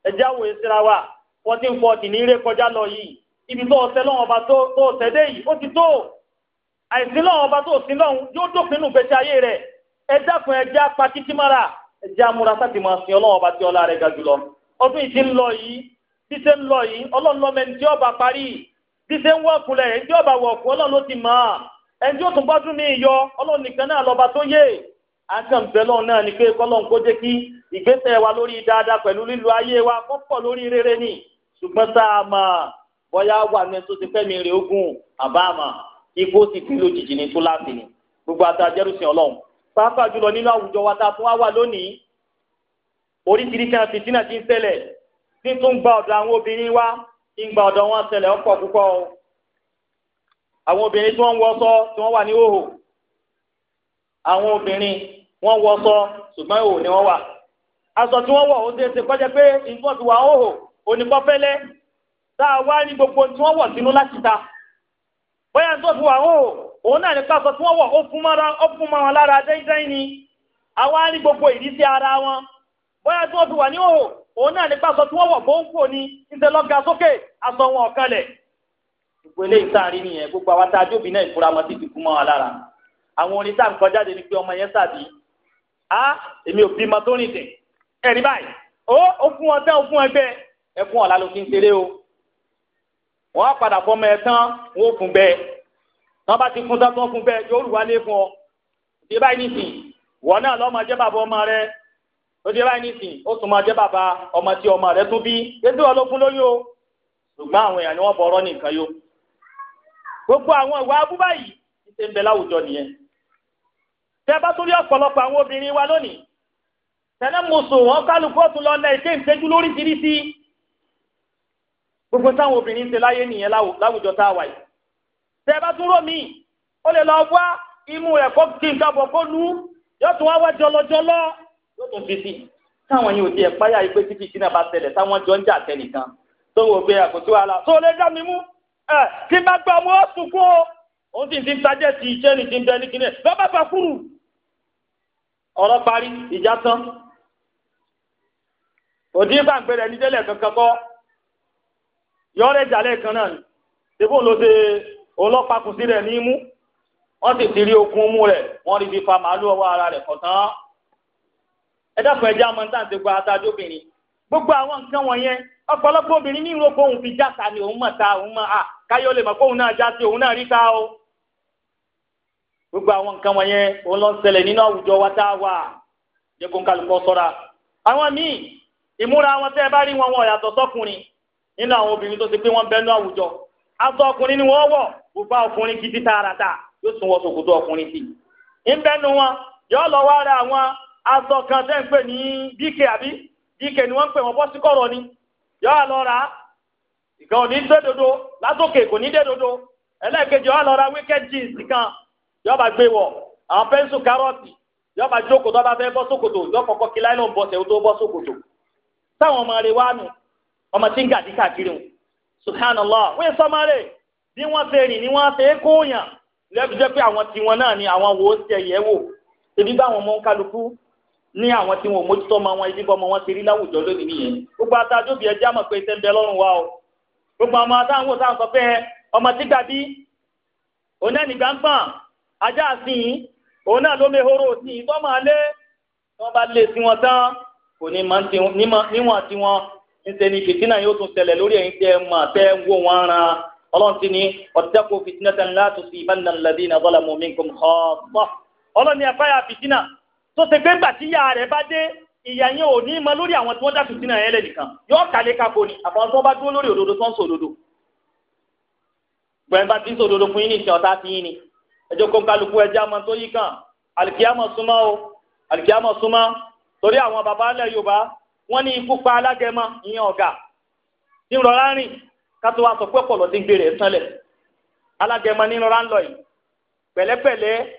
ẹ àwòye síra wa fourteen forty ní ilé kọjá lọ yìí ibi tó ọ̀sẹ̀ lọ́wọ́ ọba tó ọ̀sẹ̀ dé yìí ó ti tó àìsí lọ́wọ́ ọba tó òsín lọ́hùn yóò dópin nù gbèsè ayé rẹ̀ ẹ dákun ẹ jẹ́ apá títí mara ẹ jẹ́ amúra sátìmọ̀ sí ọlọ́wọ́ ọba tí ọlá rẹ̀ ga jùlọ ọdún yìí ti ń lọ yìí bí ṣe ń lọ yìí ọlọ́run lọ́mọ ẹni tí ọba parí bí ṣe ń wọ̀kùn lẹ̀ ẹni tí ọba wọ̀kùn ọlọ́run ló ti mọ̀ á ẹni tí ó tún bọ́dún mi yọ ọlọ́run nìkan náà lọ́ba tó yé àkànbẹ́ lọ́run náà ni pé kọ́lọ́run kó jẹ́ kí ìgbésẹ̀ wa lórí dáadáa pẹ̀lú lílo ayé wa kó lórí rere ni ṣùgbọ́n tá a mọ̀ bọ́yá wà ní tó ti fẹ́ mi rè ogun àbáàmà ikú ó fi lójijì ní tó láti ni gbogbo àtàjẹ́rùsìn ọlọ́run pàápàá jùlọ nínú àwùjọ wa tá a wá wà lónìí oríṣiríṣi àfitínà ti ń ṣẹlẹ̀ tí tó gba ọ̀dọ̀ àwọn obìnrin wa ń ọ̀dọ̀ wọn ṣẹlẹ̀ ọ̀pọ̀ púpọ̀ o àwọn obìnrin tí wọ́n ń tí wọ́n wà ní àwọn ni wọ́n wà aṣọ tí wọ́n wọ̀ ó ṣe ṣe pé nǹkan ti wà tá a wá ní gbogbo tí wọ́n wọ̀ sínú láti ta bóyá tó fi wọn lára ni àwa ní gbogbo ìrísí ara wọn bóyá tí wọ́n fi wà ní òhò òun náà nípa aṣọ tí wọ́n wọ̀ bó ń kò ní ìṣe lọ́ga sókè aṣọ wọn ọ̀kalẹ̀. gbogbo eléyìí sáàrin nìyẹn gbogbo àwọn tá a jóbi náà ìfura ọmọ títí kú mọ́ wa lára àwọn orin tá à ń kọjá ni pé ọmọ yẹn sàbí a èmi ò bímọ tó rìn dè ẹ̀rí báyìí ó ó fún wọn tán ó fún ẹgbẹ́ ẹ fún ọ̀la ló fi ń ṣeré o wọ́n á padà fọmọ ẹ tán wọ́n ó fún bẹ́ẹ̀ tán bá ti fún tán tán fún bẹ́ẹ̀ yóò rù wálé fún ọ ìbáyìí ó ti báyìí nísìnyí ó tún máa jẹ́ bàbá ọmọ tí ọmọ rẹ̀ tún bí yéésù wọn ló fún lóyún o ṣùgbọ́n àwọn èèyàn ni wọ́n bọ̀rọ̀ nìkan yó gbogbo àwọn ìwà abúbá yìí ti ṣe ń bẹ láwùjọ nìyẹn tẹ́ bá tún rí ọ̀pọ̀lọpọ̀ àwọn obìnrin wa lónìí tẹ́lẹ̀ mo sùn wọ́n kálukú ọ̀tún lọ lẹ́ ìṣe ìṣẹ́jú lóríṣiríṣi gbogbo táwọn obìnrin ń ṣe láyé nìyẹn láwùjọ tá a wà yìí tẹ́ bá tún rò míì ó lè lọ wá imú ẹ̀kọ́ kí nǹkan bọ̀ kó lu yóò tún wá wá jọlọjọlọ yóò tún fi sí táwọn yìí ò tiẹ̀ páyà yìí pé tí fìtínà bá tẹlẹ̀ táwọn jọ ń jà tẹnìkan tó wò pé àkótó ara tó lè dá mi mú ẹ kí n bá gbà mọ́ sùkú o òun sì ti ń tajẹ́ ti iṣẹ́ ní ti ń bẹ ní kíní lọ́ bá fà kúrú ọ̀rọ̀ parí ìjà tán òdì ìbàgbẹ́ rẹ̀ nídẹ́lẹ̀ kankan kọ́ yọ̀ọ́rẹ́ jàlẹ̀ kan náà ni ṣébó ló ṣe ọlọ́pàá kùsí rẹ̀ ní imú wọ́n sì ti rí okun mú rẹ̀ wọ́n rí fi fa màálù ọwọ́ ara rẹ̀ kọ̀tán. ẹ dákun ẹjẹ àmọ́ níta ṣe gba adájọ gbogbo àwọn nǹkan wọ̀nyẹn ọ̀pọ̀lọpọ̀ obìnrin ní fi játa ni òun mọ̀ ta òun mọ̀ à káyọ̀ lè mọ̀ kóun náà já sí òun náà rí ta o gbogbo àwọn nǹkan wọ̀nyẹn òun lọ ń nínú wa tá a wà jẹ́ kó ń kálukọ́ sọ́ra àwọn míì ìmúra wọn tẹ́ ẹ bá rí wọn wọn yàtọ̀ sọ́kùnrin nínú àwọn obìnrin tó ti pé wọ́n bẹnu àwùjọ aṣọ ọkùnrin ni wọ́n aṣọ kan tẹ́ ń pè ní díkè àbí díkè ni wọ́n ń pè wọ́n bọ́ sí kọ̀rọ̀ ni yọ àlọ ra ìkan òní dé dodo látòkè kò ní dé dodo ẹlẹ́ẹ̀kejì yọ àlọ ra wíkẹ́d jeans kan yọ bá gbé wọ̀ àwọn pẹ́ńsù kárọ̀tì yọ bá jókòó tó bá fẹ́ bọ́ sókòtò yọ kọ̀kọ́ kí láìlọ́n bọ̀ tẹ̀ tó bọ́ sókòtò táwọn ọmọ rẹ̀ wá nù ọmọ tí ń gàdí káàkiri wọn subhanallah wíì sọmọlẹ bí wọn ṣe rìn ni wọn ṣe é kóòyàn lẹbi jẹ pé àwọn tiwọn náà ni àwọn wò ó ṣe ẹyẹ wò ṣèbí bá àwọn ọmọ kálukú ní àwọn tí wọn mójútó ọmọ wọn bọmọ wọn ti rí láwùjọ lónìí nìyẹn gbogbo adájọ́ bí ẹjẹ́ àmọ̀ pé ṣe ń bẹ wa o gbogbo ọmọ adáhùn sáà sọ pé ọmọ tí gbàbí òun náà nìgbà ń gbọ̀n ajá sí i òun náà ló sí i tọ́mọ alẹ́ tí wọ́n bá sí wọn tán kò ní ni fìtínà yóò tún lórí tẹ́ mọ̀ tẹ́ ń wò ọlọ́run ti ní tó ṣe pé gbà tí ìyá rẹ̀ bá dé ìyá yẹn ò ní mọ lórí àwọn tí wọ́n dá fìtínà yẹn lẹ̀ nìkan yóò kàlẹ́ kakò ni àfọwọ́n tí wọ́n bá dúró lórí òdodo tó ń sọ òdodo gbẹ̀yìn bá ti ń sọ òdodo fún yín ní ìṣẹ́ ọ̀tá ti yín ni ẹjọ́ kó kálukú ẹja mọ tó yí kàn àlìkíyàmọ̀ súnmọ́ o àlìkíyàmọ̀ súnmọ́ torí àwọn baba alẹ́ Yorùbá wọ́n ní ikú pa alágẹmọ ìyẹn ọ̀gá ní rọra rìn kátó wa sọ pé ọ̀pọ̀lọ́ ti gbé rẹ̀ alágẹmọ ní rọra ń lọ yìí pẹ̀lẹ́pẹ̀lẹ́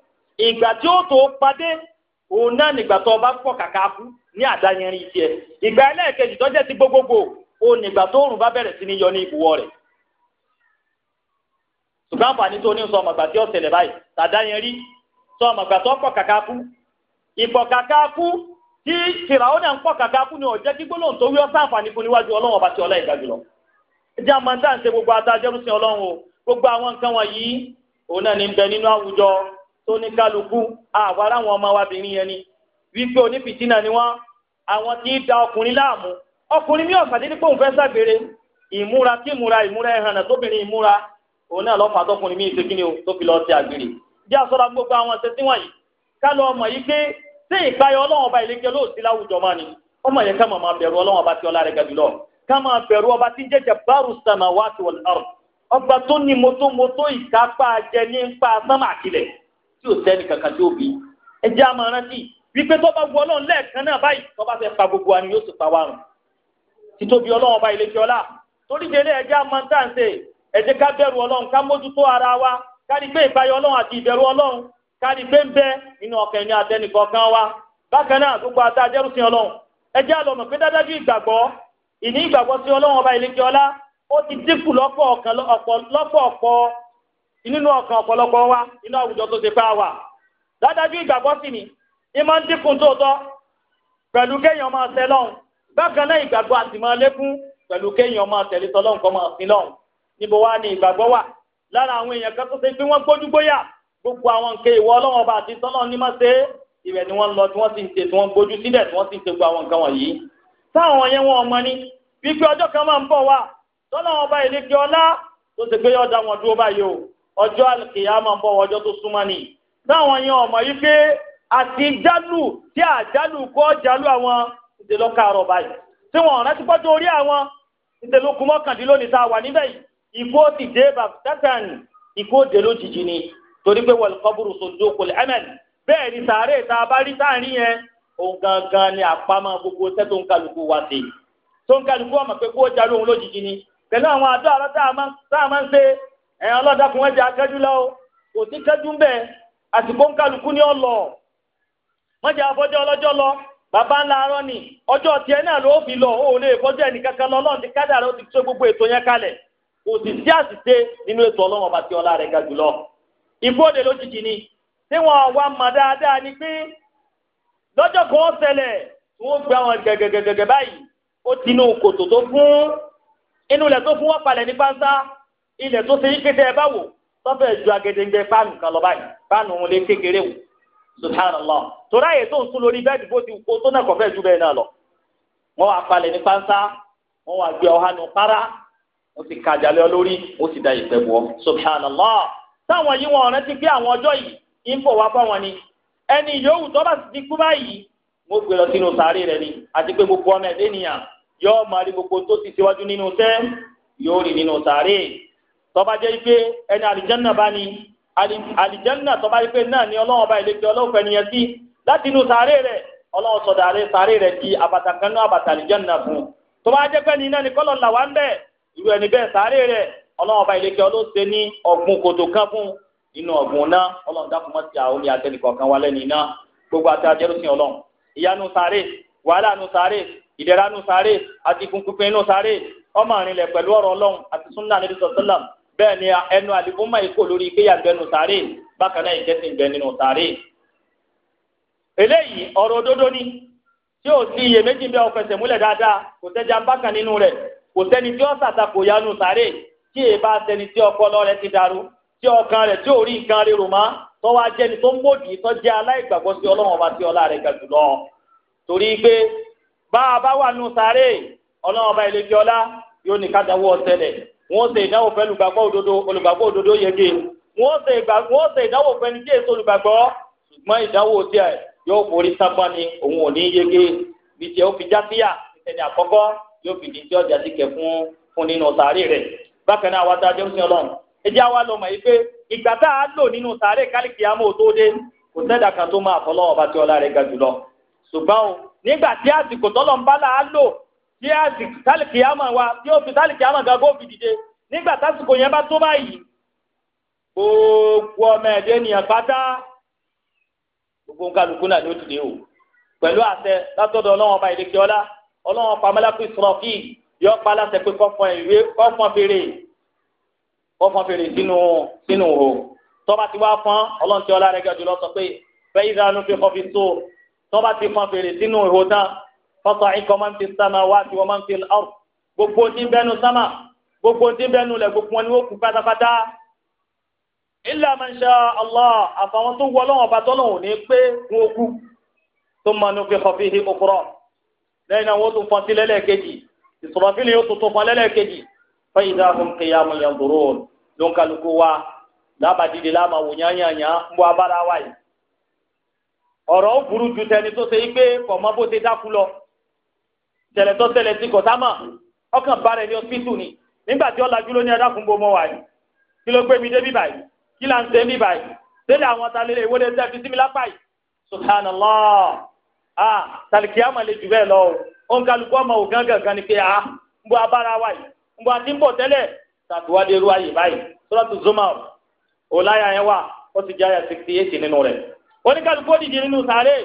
ìgbà tí ó tó padé òun náà nígbà tó bá pọ̀ kàkà kú ní àdáyẹrin tiẹ̀ ìgbà ẹlẹ́ẹ̀kejì tó jẹ́ ti gbogbogbò òun nígbà tó òrùn bá bẹ̀rẹ̀ sí ní yọ ní ìbúwọ́ rẹ̀ ṣùgbọ́n àǹfààní tó ní sọ ọmọgbà tí ó ṣẹlẹ̀ báyìí tàdáyẹrí sọ ọmọgbà tó pọ̀ kàkà kú ìpọ̀ kàkà kú tí fìràwọ́ náà ń pọ̀ kàkà kú ni ọ̀jẹ́ gbígbólóhùn tó wí ọ́ sáǹfààní fún níwájú ọlọ́run ọba tí ọlá ìgbà jùlọ ẹjẹ́ àmọ́ ń tó ní kálukú àwa láwọn ọmọ wa bìnrin yẹn ni wípé onífìtínà ni wọ́n àwọn tí ń da ọkùnrin láàmú ọkùnrin ní ọ̀sán dídí pé òun fẹ́ ságbére ìmúra tí ìmúra ìmúra ẹ̀hànà tóbìnrin ìmúra òun náà lọ́ọ́ fà tọkùnrin míì ṣe kíni o tó fi lọ́ọ́ ti àgbèrè bí asọ́ra gbogbo àwọn ṣe tí wọ̀nyí ká lọ ọmọ yìí pé ṣé ìpayọ ọlọ́wọ́n ọba ìlẹ́kẹ́ lóòsí láwùjọ máa ni ọmọ yẹn ká máa bẹ̀rù ọlọ́wọ́n ọba tí ọlá rẹ̀ gàdúlọ̀ ká máa bẹ̀rù ọba tí jẹ́jẹ́ bárù sàmà wá ti wọ̀n ọba tó ní mọ́tò mọ́tò ìkápá jẹ ní ń pa sánmà kílẹ̀ tí ò sẹ́ni kankan tí ó bí ẹ jẹ́ àmọ́ rántí wípé tó bá wu ọlọ́run lẹ́ẹ̀kan náà báyìí tó bá fẹ́ pa gbogbo wa yóò sì pa wá rùn títóbi ọlọ́run ọba ilé fiọlá torí délé ẹ jẹ́ àmọ́ tá à ń ṣe ẹ jẹ́ ká bẹ̀rù ọlọ́run ká mójútó ara wa ká rí pé ìbáyọ̀ ọlọ́run àti ìbẹ̀rù ọlọ́run ká rí pé ń bẹ nínú ọkàn ẹni àtẹnìkọ̀ọ̀kan wa bákan náà gbogbo àti ajẹ́rùsìn ọlọ́run ẹ jẹ́ àlọ́mọ̀ pé dájú nínú ọkàn ọ̀pọ̀lọpọ̀ wa nínú àwùjọ tó ti pa wà dádájú ìgbàgbọ́ sì ni ìmọ̀ ń dínkù tóótọ́ pẹ̀lú kéèyàn máa tẹ lọ́hùn bákan náà ìgbàgbọ́ àti máa lékún pẹ̀lú kéèyàn máa tẹ̀lé tọ́lọ́hùn kọ́ máa sin lọ́hùn níbo wá ni ìgbàgbọ́ wà lára àwọn èèyàn kan tó ṣe pé wọ́n gbójú gbóyà gbogbo àwọn nǹkan ìwọ ọlọ́wọ́n bá àti tọ́lọ́hùn ní máa ṣe é ibẹ̀ ni wọ́n lọ tí wọ́n sì ń ṣe tí wọ́n gbójú sílẹ̀ tí wọ́n sì ń ṣe gbogbo àwọn nǹkan wọ̀nyí táwọn yẹn wọn ọmọ ni wípé ọjọ́ kan máa ń bọ̀ wá tọ́lọ́hùn ọba ìlẹ́kẹ́ ọlá tó ṣe pé yọ̀ọ́ dá wọn dúró báyìí o ọjọ́ àlùkìyàmọ̀ ń bọ̀ ọjọ́ tó súnmọ́ ni táwọn yẹn ọmọ yìí pé àti jálù tí àjálù kọ́ jálù àwọn ìdèlọ́kàrọ̀ báyìí tí wọ́n rántí pọ́jọ́ orí àwọn ìdèlókun mọ́kàndínlónìí tá a wà níbẹ̀ yìí ikú ó ti dé bàtàkàn ikú ó dé lójijì ni torí pé wal qabru sunduqul amal bẹ́ẹ̀ ni sàárè tá a bá rí sáàrin yẹn òun gangan ni àpamọ́ gbogbo iṣẹ́ tó ń kálukú wá sí i tó ń kálukú ọmọ pé kó jálù òun lójijì ni pẹ̀lú àwọn àdó àlọ́ tá máa ń ṣe ẹ̀yin ọlọ́dàkùn ẹ̀jẹ̀ akẹ́jú lọ o kò sí kẹ́jú ń bẹ̀ àsìkò ń kálukú ní ọ̀lọ́ wọ́n jẹ́ afọ́jọ́ ọlọ́jọ́ lọ bàbá ńlá arọ́ ni ọjọ́ tiẹ̀ náà ló fi lọ òun lè fọ́jọ́ ẹnìkankan lọ lọ́run ti rẹ ó ti tó gbogbo ètò yẹn kalẹ̀ kò sì sí àṣìṣe nínú ètò ọlọ́run ọba tí ọlá ga ni tí wọn wá dáadáa ni pé kan ṣẹlẹ̀ báyìí ó fún inú ilẹ̀ fún wọn palẹ̀ ilẹ̀ tó ti yíké tẹ́ ẹ bá wò tọ́fẹ̀ ju agẹdẹgbẹ fáànù kan lọ báyìí fáànù òun lè kékeré wò subhanallah torí àyè tó ń sún lórí bẹ́ẹ̀dì bó ti kó tó náà kọ̀ fẹ́ ju bẹ́ẹ̀ náà lọ. wọ́n wá palẹ̀ ní pánsá wọ́n wá gbé para wọ́n ti da ìfẹ́ bọ́ táwọn yìí wọn àwọn ọjọ́ yìí ń bọ̀ wá fáwọn ni ẹni yòówù tó bá ti kú báyìí mo gbé lọ sínú sàárè rẹ ni àti pé gbogbo ọmọ ẹ̀dẹ́ nìyà yọ́ọ́ máa rí ti síwájú nínú tọ́ba jẹ́ pé ẹni àlìjánà bá ní àlìjánà tọ́ba jẹ́ pé náà ni ọlọ́run ọba ìlẹ́gbẹ́ ọlọ́run fẹ́ni yẹn sí láti inú sàárè rẹ̀ ọlọ́run sọ̀dà rẹ̀ sàárè rẹ̀ di àbàtà kan náà àbàtà fún un tọ́ba pé ní iná ni kọ́lọ̀ là wá ń bẹ̀ irú ẹni bẹ́ẹ̀ sàárè rẹ̀ ọlọ́run ọba ìlẹ́gbẹ́ ọlọ́run ṣe ní ọ̀gbun kòtò kan fún inú ọ̀gbun náà ọlọ́run dákun mọ́ ti àwọn omi àtẹnìkọ̀ọ̀kan wa lẹ́nu iná gbogbo àti àjẹrúsìn ọlọ́run ìyanu sàárè wàhálà nu sàárè ìdẹ̀ra nu àti ìkùnkùn pé inú bẹ́ẹ̀ ni ẹnu àlìfúnmá yìí lórí pé yàgbẹ́nu sàárè bákan náà ìjẹ́sì ń nínú sàárè. eléyìí ọ̀rọ̀ òdodo ni tí ò sí iyèméjì ń bẹ ọ̀fẹsẹ̀ múlẹ̀ dáadáa kò sẹ́jà bákan nínú rẹ̀ kò sẹ́ni tí ó sàtakò yanu sàárè tí èyí bá tí rẹ̀ ti dàrú tí ọkàn rẹ̀ tí ò rí nǹkan wọ́n ṣe ìdánwò fẹ́ olùgbàgbọ́ òdodo olùgbàgbọ́ òdodo yege wọ́n ṣe ìdánwò fẹ́ ní tí èso olùgbàgbọ́ ṣùgbọ́n ìdánwò tiẹ̀ yóò forí sábà ni òun ò ní yege bí tiẹ̀ ó fi já di tí ọjà fún fún nínú sàárè rẹ̀ bákan náà a ọlọ́run ẹ jẹ́ lọ yìí pé ìgbà tá a lò nínú sàárè kálíkì àmọ́ ò tó dé kò sẹ́dà kan tó ti ọlá rẹ̀ ga jùlọ tí a sì tálìkì àmà wa tí ó fi tálìkì àmà gàgó fi dìde nígbà tásìkò yẹn bá tó báyìí gbogbo ọmọ ẹ̀dẹ́ nìyẹn pátá gbogbo nkàlùkù náà ni ó ti dé o pẹ̀lú àṣẹ látọ̀dọ̀ ọlọ́wọ́n ọba ìdèkè ọlá ọlọ́wọ́n pamẹ́lẹ́kù ìsọ̀rọ̀fì yọ pa aláṣẹ pé kọ́fọ́n ìwé kọ́fọ́n fèrè kọ́fọ́n fèrè sínú sínú o tọ́ba ti wá fọ́n ọlọ́run ti ọlá rẹ̀ gẹ̀dù lọ sọ pé fẹ́ ìdánù fi kọ́fi tó tọ́ba ti fọ́n fèrè sínú ìhó tán fọ́tàìkọ́ máa ń fi sáma wá àti wọ́n máa ń fi ọ̀rọ̀ gbogbo tí bẹ́nu sáma gbogbo tí bẹ́nu lẹ̀ gbogbo wọn ni wọ́n kú pátápátá. illa man sha Allah àfàwọn tó wọ lọ́wọ́ bàtọ́ lọ́wọ́ ní pé wọn kú tó máa nu fi kọfí hi okòrò lẹ́yìn náà wọ́n tún fọ́n sí lẹ́lẹ́kejì ìsọ̀rọ̀fílẹ̀ yóò tún tún fọ́n lẹ́lẹ́kejì fẹ́ ìdáhùn qiyamun yanzurun ló ń kálukú wa dábàá dìde láàmà wò yányányá ń bọ́ abára wáyé ọ̀rọ̀ ó burú ju tẹni tó ṣe é gbé bó ṣe dákú lọ tẹ̀lẹ̀ tó tẹ̀lẹ̀ sí kọ̀támà ọkàn bá rẹ̀ ní hospital ni nígbà tí ọ̀làjú ló ní ẹ̀dá fún gbogbo wa yìí kí ló gbé mi dé bí báyìí kí là ń tẹ́ bí báyìí tẹ́lẹ̀ àwọn talẹ́lẹ̀ ìwọlé tẹ́ fi sími lápá yìí subhanallah ah ama le jù bẹ́ẹ̀ lọ o ònkálukú ọmọ wò gángan gan ni pé ah ń bọ abára wa yìí ń bọ àti ń bọ̀ tẹ́lẹ̀ tàbíwádé ru ayé báyìí sọ́dọ̀tù zumar ọ̀láyà yẹn wà ó ti jáyà sixty eight nínú rẹ̀ oníkálukú ó dìde nínú sáré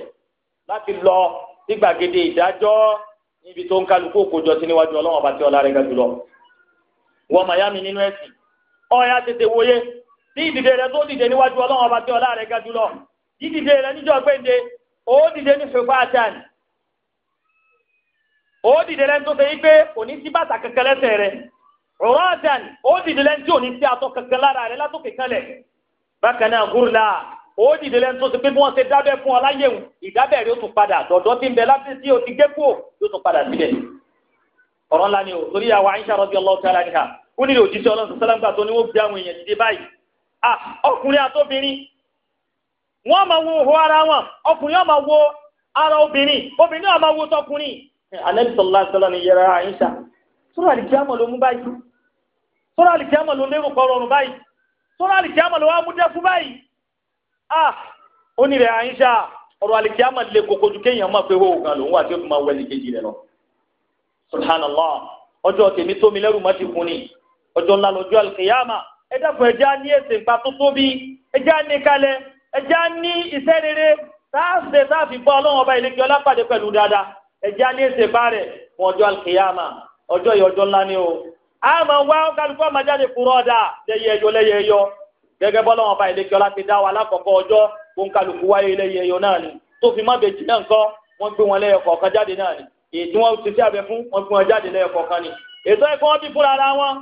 láti lọ sí gbàgede ìdájọ́ níbi tó ń kálukú òkòjọ sí níwájú ọlọ́wọ́n bá ti ọlá rẹ̀ ga jùlọ. wọ́n màyá mi nínú ẹ̀sìn ọ̀ya tètè wòye ní ìdìde rẹ tó dìde níwájú ọlọ́wọ́n bá ti ọlá rẹ̀ ga jùlọ dídìde rẹ níjọ́ gbẹ̀ǹde ó dìde ní fèfáàtàn ó dìde lẹ́ni tó ṣe yí pé òní sí bàtà kankan lẹ́sẹ̀ rẹ̀ rọ́ọ̀tàn ó dìde lẹ́ni tí òní sí atọ́ kankan lára rẹ̀ látòkè kanlẹ̀ bákan náà gúrúlà ó dìde lẹ́nu tó ṣe pé bí wọ́n ṣe dábẹ́ fún ọ láyé òun ìdábẹ́ rẹ̀ ó tún padà dọ̀dọ̀ tí ń bẹ o ti gé kúò yóò tún padà síbẹ̀ ọ̀rọ̀ ńlá ni o torí àwọn Aisha radiyallahu ta'ala anha ó nílò òjíṣẹ́ ọlọ́run sálágbà tó ní wọ́n gbé àwọn èèyàn dìde báyìí ah ọkùnrin àtobìnrin máa wo òhó ara wọn ọkùnrin máa wo obìnrin obìnrin máa wo tọkùnrin ah ó ní rẹ̀ àyíṣà ọ̀rọ̀ àlìkíyàmà lè koko ju kéèyàn máa pé wọ́wọ́ kan lòun wà tí ó fi máa wọ ẹnìkejì rẹ̀ lọ. subhanallah ọjọ́ tèmi tó mi lẹ́rù má ti kún ni ọjọ́ ńlá lọ́jọ́ àlìkíyàmà ẹ dákun ẹja ní èsè ìpa tó tóbi ẹja ní kalẹ̀ ẹja ní iṣẹ́ rere sáàsì sáàfì bọ́ ọlọ́run ọba ìlẹ́kẹ́ ọlápàdé pẹ̀lú dáadáa ẹja ní èsè gẹ́gẹ́ bọ́lá wọn bá ilé kí ọlá ti dá wa lákọ̀ọ́kọ́ ọjọ́ kó ń kálukú wáyé ilé yẹyọ náà ni tó fi má bèjì náà nǹkan wọ́n gbé wọn lẹ́yọ kọ̀ọ̀kan jáde náà ni èyí tí wọ́n ti sí abẹ fún wọ́n gbé wọn jáde lẹ́yọ kọ̀ọ̀kan ni ètò ẹ̀kọ́ wọn bí fúnra ara wọn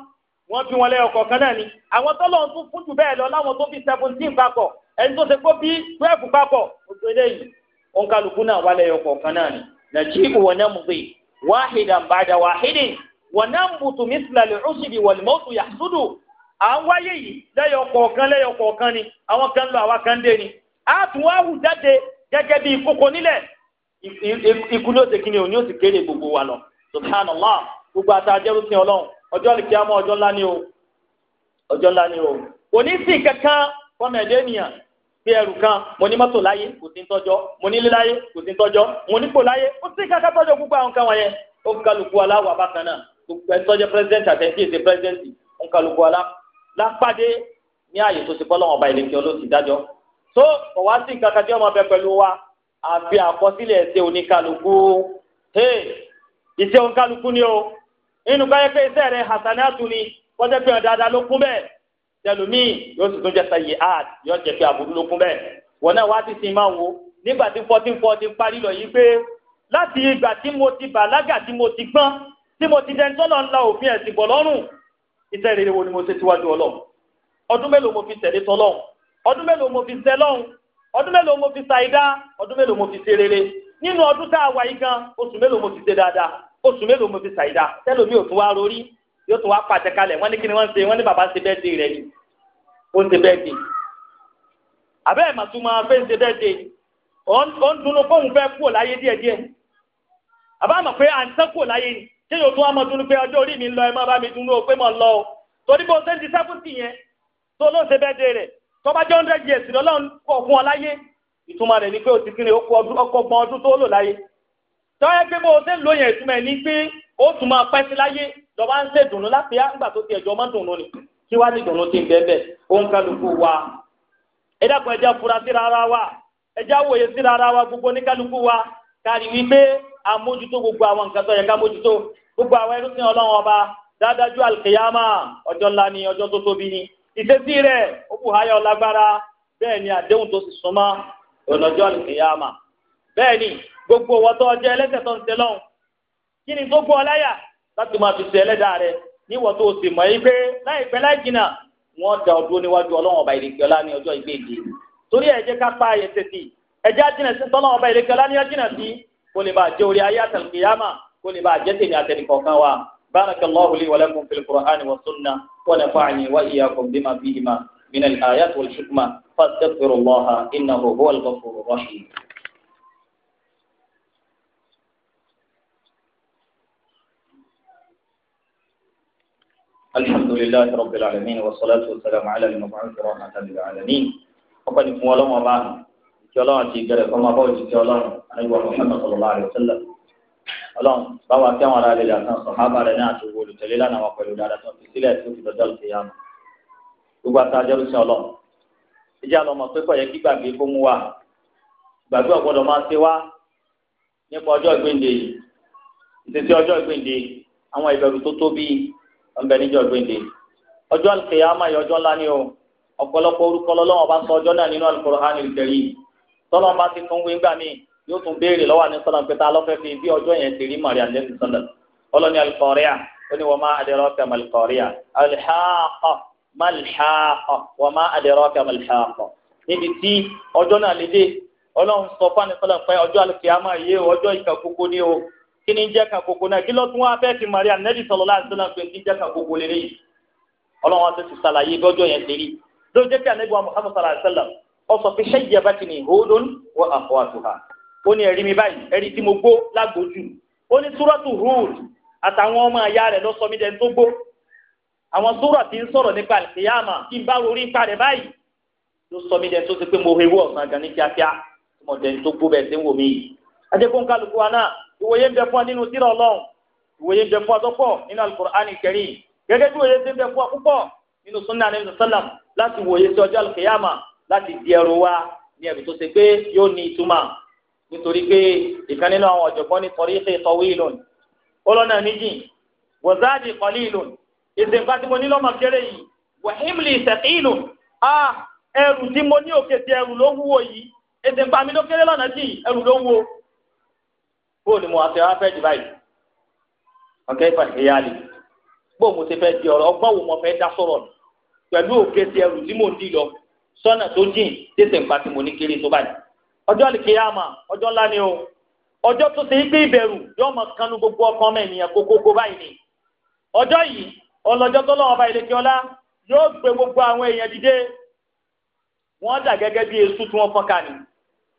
wọ́n bí wọn lẹ́yọ kọ̀ọ̀kan náà ni àwọn tọ́lọ̀ ń tún fún jù bẹ́ẹ̀ lọ láwọn tó bí seventeen papọ̀ ẹni tó ṣe kó bí twelve papọ̀ gbogbo eléyìí wọn náà wà lẹ́yọ kọ̀ọ̀kan náà ni nàìjíríà wọn náà mú pé wàhídà à ń wáyé yìí lẹ́yọ kọ̀ọ̀kan lẹ́yọ kọ̀ọ̀kan ni àwọn kan lọ àwa kan dé ni a tún wá hù jáde gẹ́gẹ́ bí ìkókó nílẹ̀ ikú ni ó ti kíni òní ó ti kéré gbogbo wa lọ Allah, gbogbo àtàjẹrù sí Ọlọ́run ọjọ́ àlùkìyámà ọjọ́ ńlá ni o ọjọ́ ńlá ni o òní sì kankan fọmọ ẹ̀dẹ́ ènìyàn bí ẹrù kan mo ní mọ́tò láyé kò sí tọ́jọ́ mo nílé láyé kò sí tọ́jọ́ mo nípò láyé ó sì kankan tọ́jọ́ gbogbo àwọn kan wọ̀nyẹn ó kálukú aláwọ̀ abákan náà tọ́jọ́ pírẹsidẹ́ntì àtẹ̀síyèsè pírẹsidẹ́ntì ó kálukú aláwọ̀ lápàdé ní ààyè tó ti bọ́lọ́wọ́n ọba ìlẹ̀kẹ́ olóòtú dájọ́ tó kò wá sí nǹkan kan tí ọmọ ọbẹ̀ pẹ̀lú wa àfi àkọsílẹ̀ ẹ̀sẹ̀ oníkálukú iṣẹ́ oníkálukú ni o inú ká yẹ pé iṣẹ́ rẹ̀ hasanatu ni kọjá pé ọ̀dáadáa ló kún bẹ́ẹ̀ tẹlumi yóò sì tún jẹ sayi ad yóò jẹ pé àbúrú ló kún bẹ́ẹ̀ wọn náà wá ti sin máa wo nígbà tí fourteen fourteen parí lọ yìí pé láti ìgbà tí mo ti bàlágà tí mo ti gbọ́n tí mo ti dẹ́ńtọ́ lọ́nla òfin ẹ̀sìn bọ̀ lọ́rùn iṣẹ́ rere wo ni mo ṣe síwájú ọlọ́run ọdún mélòó mo fi tẹ̀lé tọlọ́run ọdún mélòó mo fi sẹ́lọ́run ọdún mélòó mo fi ṣàìdá ọdún mélòó mo fi ṣe rere nínú ọdún tá a wà yìí gan oṣù mélòó mo fi ṣe dáadáa oṣù mélòó mo fi ṣàìdá ò tún wá yóò tún wá kalẹ̀ wọ́n ní kí ni wọ́n ṣe wọ́n ní bàbá rẹ̀ ni ó ń ṣe kéèyàn tún otu tún pé ọjọ́ orí mi ń lọ ẹ bá mi dùn pé mọ̀ lọ o torí bó ṣe ń di sẹ́fúntì yẹn tó ló ń ṣe bẹ́ẹ̀ de rẹ̀ tó bá jẹ́ hundred years lọ́lọ́run kọ̀ fún ọ láyé ìtumọ̀ rẹ̀ ni pé o kiri ọkọ̀ gbọ́n ọdún tó lò láyé tọ́yẹ pé bó ṣe ń lo yẹn ìtumọ̀ ẹ̀ ní pé ó tún máa pẹ́ sí láyé ni kí wá dùnú ti kárí wípé amójútó gbogbo àwọn nǹkan tó yẹ ká mójútó gbogbo àwọn ẹrú sin ọlọ́run ọba dáadájú alkèyàmà ọjọ́ ńlá ni ọjọ́ tó tóbi ni ìṣesí rẹ̀ ó kù háyà ọlágbára bẹ́ẹ̀ ni àdéhùn tó sì súnmọ́ bẹ́ẹ̀ ni gbogbo wọn tó tó ń ṣe lọ́hùn kí ni tó gbọ́ ọláyà láti máa fi ṣe ẹlẹ́dàá tó sì mọ̀ yí pé láìpẹ́ láì jìnnà wọ́n da ọdún níwájú ọlọ́run ọba ọlá ní ọjọ́ ìgbéǹde torí ẹ̀ اجاتنا سنتنا وما يلك لا نجاتنا في كل بعد جوري آيات القيامة كل بعد جتنا تلك بارك الله لي ولكم في القرآن والسنة ونفعني وإياكم بما فيهما من الآيات والحكمة فاستغفر الله إنه هو الغفور الرحيم الحمد لله رب العالمين والصلاة والسلام على المبعوث رحمة للعالمين وقد مولوا الله kí ọlọ́run ti gẹrẹ kọ́ máa bọ́ òjijì ọlọ́run àníwọ̀ Muhammad sallallahu alaihi wasallam ọlọ́run báwa kí àwọn ará ilé àtàn sọ̀hábà rẹ̀ náà ti wo olùtẹ̀lé lánàá wọn pẹ̀lú dáadáa tó fi sílẹ̀ tó fi dọ́jọ́ lùtẹ̀ yá mọ́ gbogbo àtàjọ́ lùsìn ọlọ́run ìjà lọ mọ̀ pé kọ̀ yẹ kí gbàgbé kó mú wa gbàgbé ọ̀gbọ́dọ̀ máa ṣe wá nípa ọjọ́ ìgbéǹde yìí ìṣesí ọjọ́ ìgbéǹde àwọn ìbẹ̀rù tó tóbi ọ̀nbẹ níjọ́ ìgbéǹde ọjọ́ àlùkìyámà yìí ọjọ́ ńlá ni o ọ̀pọ̀lọpọ̀ orúkọ lọ́lọ́wọ́n bá sọ ọjọ́ náà nínú Al-Qur'anil Karim tọ́lọ́n bá ti tún wí gbà mí yóò tún béèrè lọ́wọ́ àní sọ́lọ́n pé ta ló fẹ́ fi bí ọjọ́ yẹn ti rí mọ̀rẹ́ àti ẹ̀sìn sọ́lọ́ ọlọ́ni alikọ́ríà ó ní wọ́n máa adẹ́rọ́ kẹ́ malikọ́ríà alihàkọ́ malihàkọ́ wọ́n máa adẹ́rọ́ kẹ́ malihàkọ́ níbi tí ọjọ́ náà lédè ọlọ́run sọ fún àní sọ́lọ́n pé ọjọ́ alikiyama yé o ọjọ́ ìkà kókó ní o kí ni jẹ́ ká kókó náà kí ló tún wá fẹ́ fi mọ̀rẹ́ àti ẹ̀sìn sọ́lọ́ láti sọ́lọ́n pé kí ó sọ pé ṣẹ́yìn ẹ̀bá ti ní ìhóòdùn wọ àpò àtùhà ó ní ẹ̀rí mi báyìí ẹ̀rí tí mo gbó lágbójú ó ní súrọ́tù Hud àtàwọn ọmọ àyà rẹ̀ ló sọ mí dẹni tó gbó àwọn súrọ̀ tí ń sọ̀rọ̀ nípa àlùkìyàmà kí n bá rorí ipa rẹ̀ báyìí ló sọ mí dẹni tó ti pé mo hewú ọ̀sán gan ní kíákíá mo dẹni tó gbó bẹ́ẹ̀ sí wò mí yìí adékòǹkálukú wa náà ìwòye ń bẹ fún wa nínú tírà Ọlọ́run ìwòye ń bẹ fún wa tó pọ̀ nínú alukur'ani kẹrin gẹ́gẹ́ bí ìwòye ti ń bẹ fún wa púpọ̀ nínú sunna anabi sallam láti wòye sí ọjọ́ alukiyama láti di ẹrù wa ní ẹrù tó ṣe pé yóò ní ìtumọ̀ nítorí pé ìkan nínú àwọn ọ̀jọ̀gbọ́n ní tọ́rí ṣe tọ́wé ìlòní ọlọ́nà níjìn wọ̀záàdì kọ́lí ìlòní èsì nǹkan tí mo ní lọ́mọ kéré yìí wàhíìmìlì ìṣẹ̀kí ìlòní a ẹrù tí mo ní òkè ti ẹrù ló wúwo yìí èsì nǹkan mi ló kéré lọ́nà tí ẹrù ló wúwo bóò ni mo àti ara fẹ́ jù báyìí ọ̀kẹ́ ìfàkìyàlì bóò mo ti fẹ́ di ọ̀rọ̀ ọgbọ́n wo mo fẹ́ dá sọ̀rọ̀ pẹ̀lú òkè ti ẹrù tí mo ń dì lọ sọ́nà tó jìn tẹ̀sẹ̀ nǹkan tí mo ní kéré tó báyìí ọjọ́ ma ọjọ́ ńlá ni o ọjọ́ tó ṣe gbé ìbẹ̀rù yóò mọ̀ kánú gbogbo ọkàn ọmọ kókókó báyìí ni ọjọ́ yìí ọlọ́jọ́ tó lọ́wọ́ bá yóò gbé gbogbo àwọn èèyàn dìde wọ́n dà gẹ́gẹ́ bí esu tí wọ́n fọ́n ni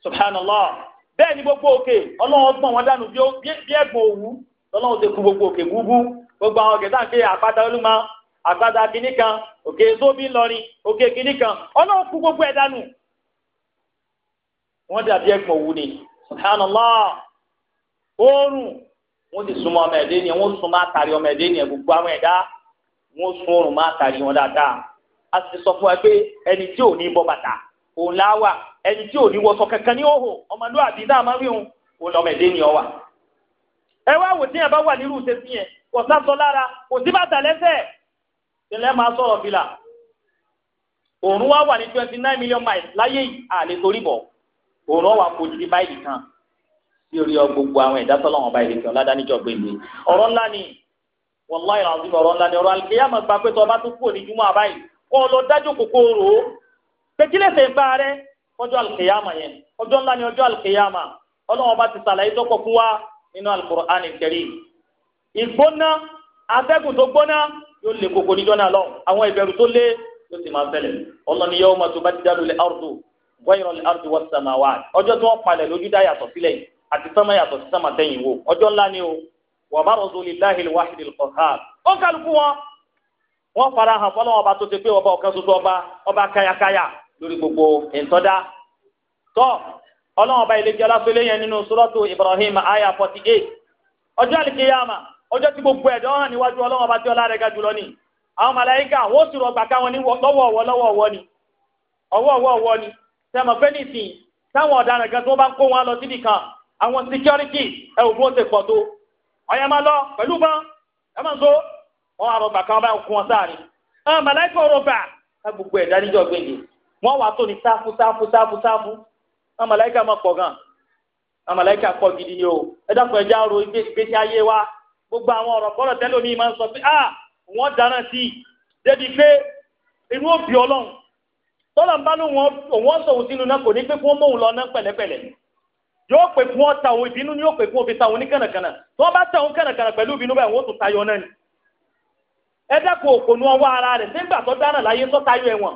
subhanallah ni àgbàdà kini kan òkè zobi ńlọrin òkè kini kan ọlọ́run kú gbogbo ẹ̀ dànù. wọ́n dàbí ẹ̀pọ̀ wù ni subhanallah oorun wọ́n ti súnmọ́ ọmọ ẹ̀dẹ́ ni wọ́n sún máa tàrí ọmọ ẹ̀dẹ́ ni gbogbo àwọn ẹ̀dá wọ́n sún oorun máa tàrí wọn dáadáa a sì sọ fún ẹ pé ẹni tí ò ní bọ́ bàtà òun láwà ẹni tí ò ní wọṣọ kankan ní òhò ọmọlúwàbí náà máa rí òun òun lọmọ ẹ̀dẹ́ ni ọ wà. ẹ wá wò tí yẹn bá wà nírú ṣe yẹn kò sásọ lára kò sí bàtà lẹ́sẹ̀ sílẹ̀ máa sọ̀rọ̀ fìlà òòrùn wa wà ní twenty nine million miles láyé yìí àlè torí bọ̀ òòrùn wa kò ju báyìí kan sí orí gbogbo àwọn ẹ̀dá tọ́lọ́wọ́n bá ìrètí ọ̀la dáníjọ́ gbèlè ọ̀rọ̀ ńlá ni wàláhì ọ̀rọ̀ ọ̀rọ̀ ńlá ni ọ̀rọ̀ àlùkìyámà gba pé tó ọba tó kúrò ní júmọ́ àbáyìí kó o lọ dájú kòkòrò pé kí lè fẹ́ gbá rẹ ọjọ́ àlùkìyámà yẹn ọjọ́ ńlá ni ọjọ́ àlùkìyámà ọlọ́wọ́n bá ti sàlàyé tọ́kọ̀ fún wa nínú Al-Qur'an ìgbóná atẹ́gùn tó gbóná yóò lé koko níjọ́ náà lọ àwọn ìbẹ̀rù tó lé yóò sì máa ṣẹlẹ̀ ọlọ́ni yẹ́wò máa tó bá ti dá lulẹ̀ ardu gbọ́yìnrán lulẹ̀ ardu wọ́n sàmà wá ọjọ́ tí wọ́n palẹ̀ lójú dá yàtọ̀ sílẹ̀ yìí àti yàtọ̀ sí tẹ̀yìn ọjọ́ ńlá ni o wà bá rọ̀ zoli láhìlì wáhìlì kọ̀ọ̀hán ọba ilé jẹ́ ọlá nínú Ibrahim aya forty eight ọjọ́ àlìkéyàmà ọjọ́ tí gbogbo ẹ̀dọ́ hàn níwájú ọlọ́wọ́ bá tí ọlá rẹ̀ ga jùlọ ni àwọn màláíkà àwọn oṣù rọgbà wọn ní ni ni sẹ́mọ fẹ́nìtì táwọn ọ̀daràn tó bá ń kó wọn lọ àwọn ẹ ò bó ṣe pọ̀ tó ọ̀yẹ́ máa lọ pẹ̀lú bọ́n ẹ máa so wọn kan bá ń wọn sáàrin àwọn màláíkà ẹ gbogbo ẹ̀dá níjọ́ wọn wà tó ní àwọn gidi ni o ẹ dákun ẹja ro ìgbésí gbogbo àwọn ọ̀rọ̀ kọ́rọ̀ tẹ́lẹ̀ omi máa ń sọ pé à ah, wọ́n dáná sí i débi pé inú òbí ọlọ́run tọ́lọ̀ ń bá lóun òun sòun sínú náà kò ní pé kí wọ́n móhun lọ náà pẹ̀lẹ́pẹ̀lẹ́ yóò pè fún ọta òun ìbínú ni yóò pè fún òfin ta òun ní kànàkànà tí wọ́n bá ta òun kànàkànà pẹ̀lú ìbínú bẹ́ẹ̀ wọ́n tún tayọ náà ni ẹ dẹ́kun òkònú ọwọ́ ara rẹ̀ nígbà tó dáná láyé tó tayọ ẹ̀wọ̀n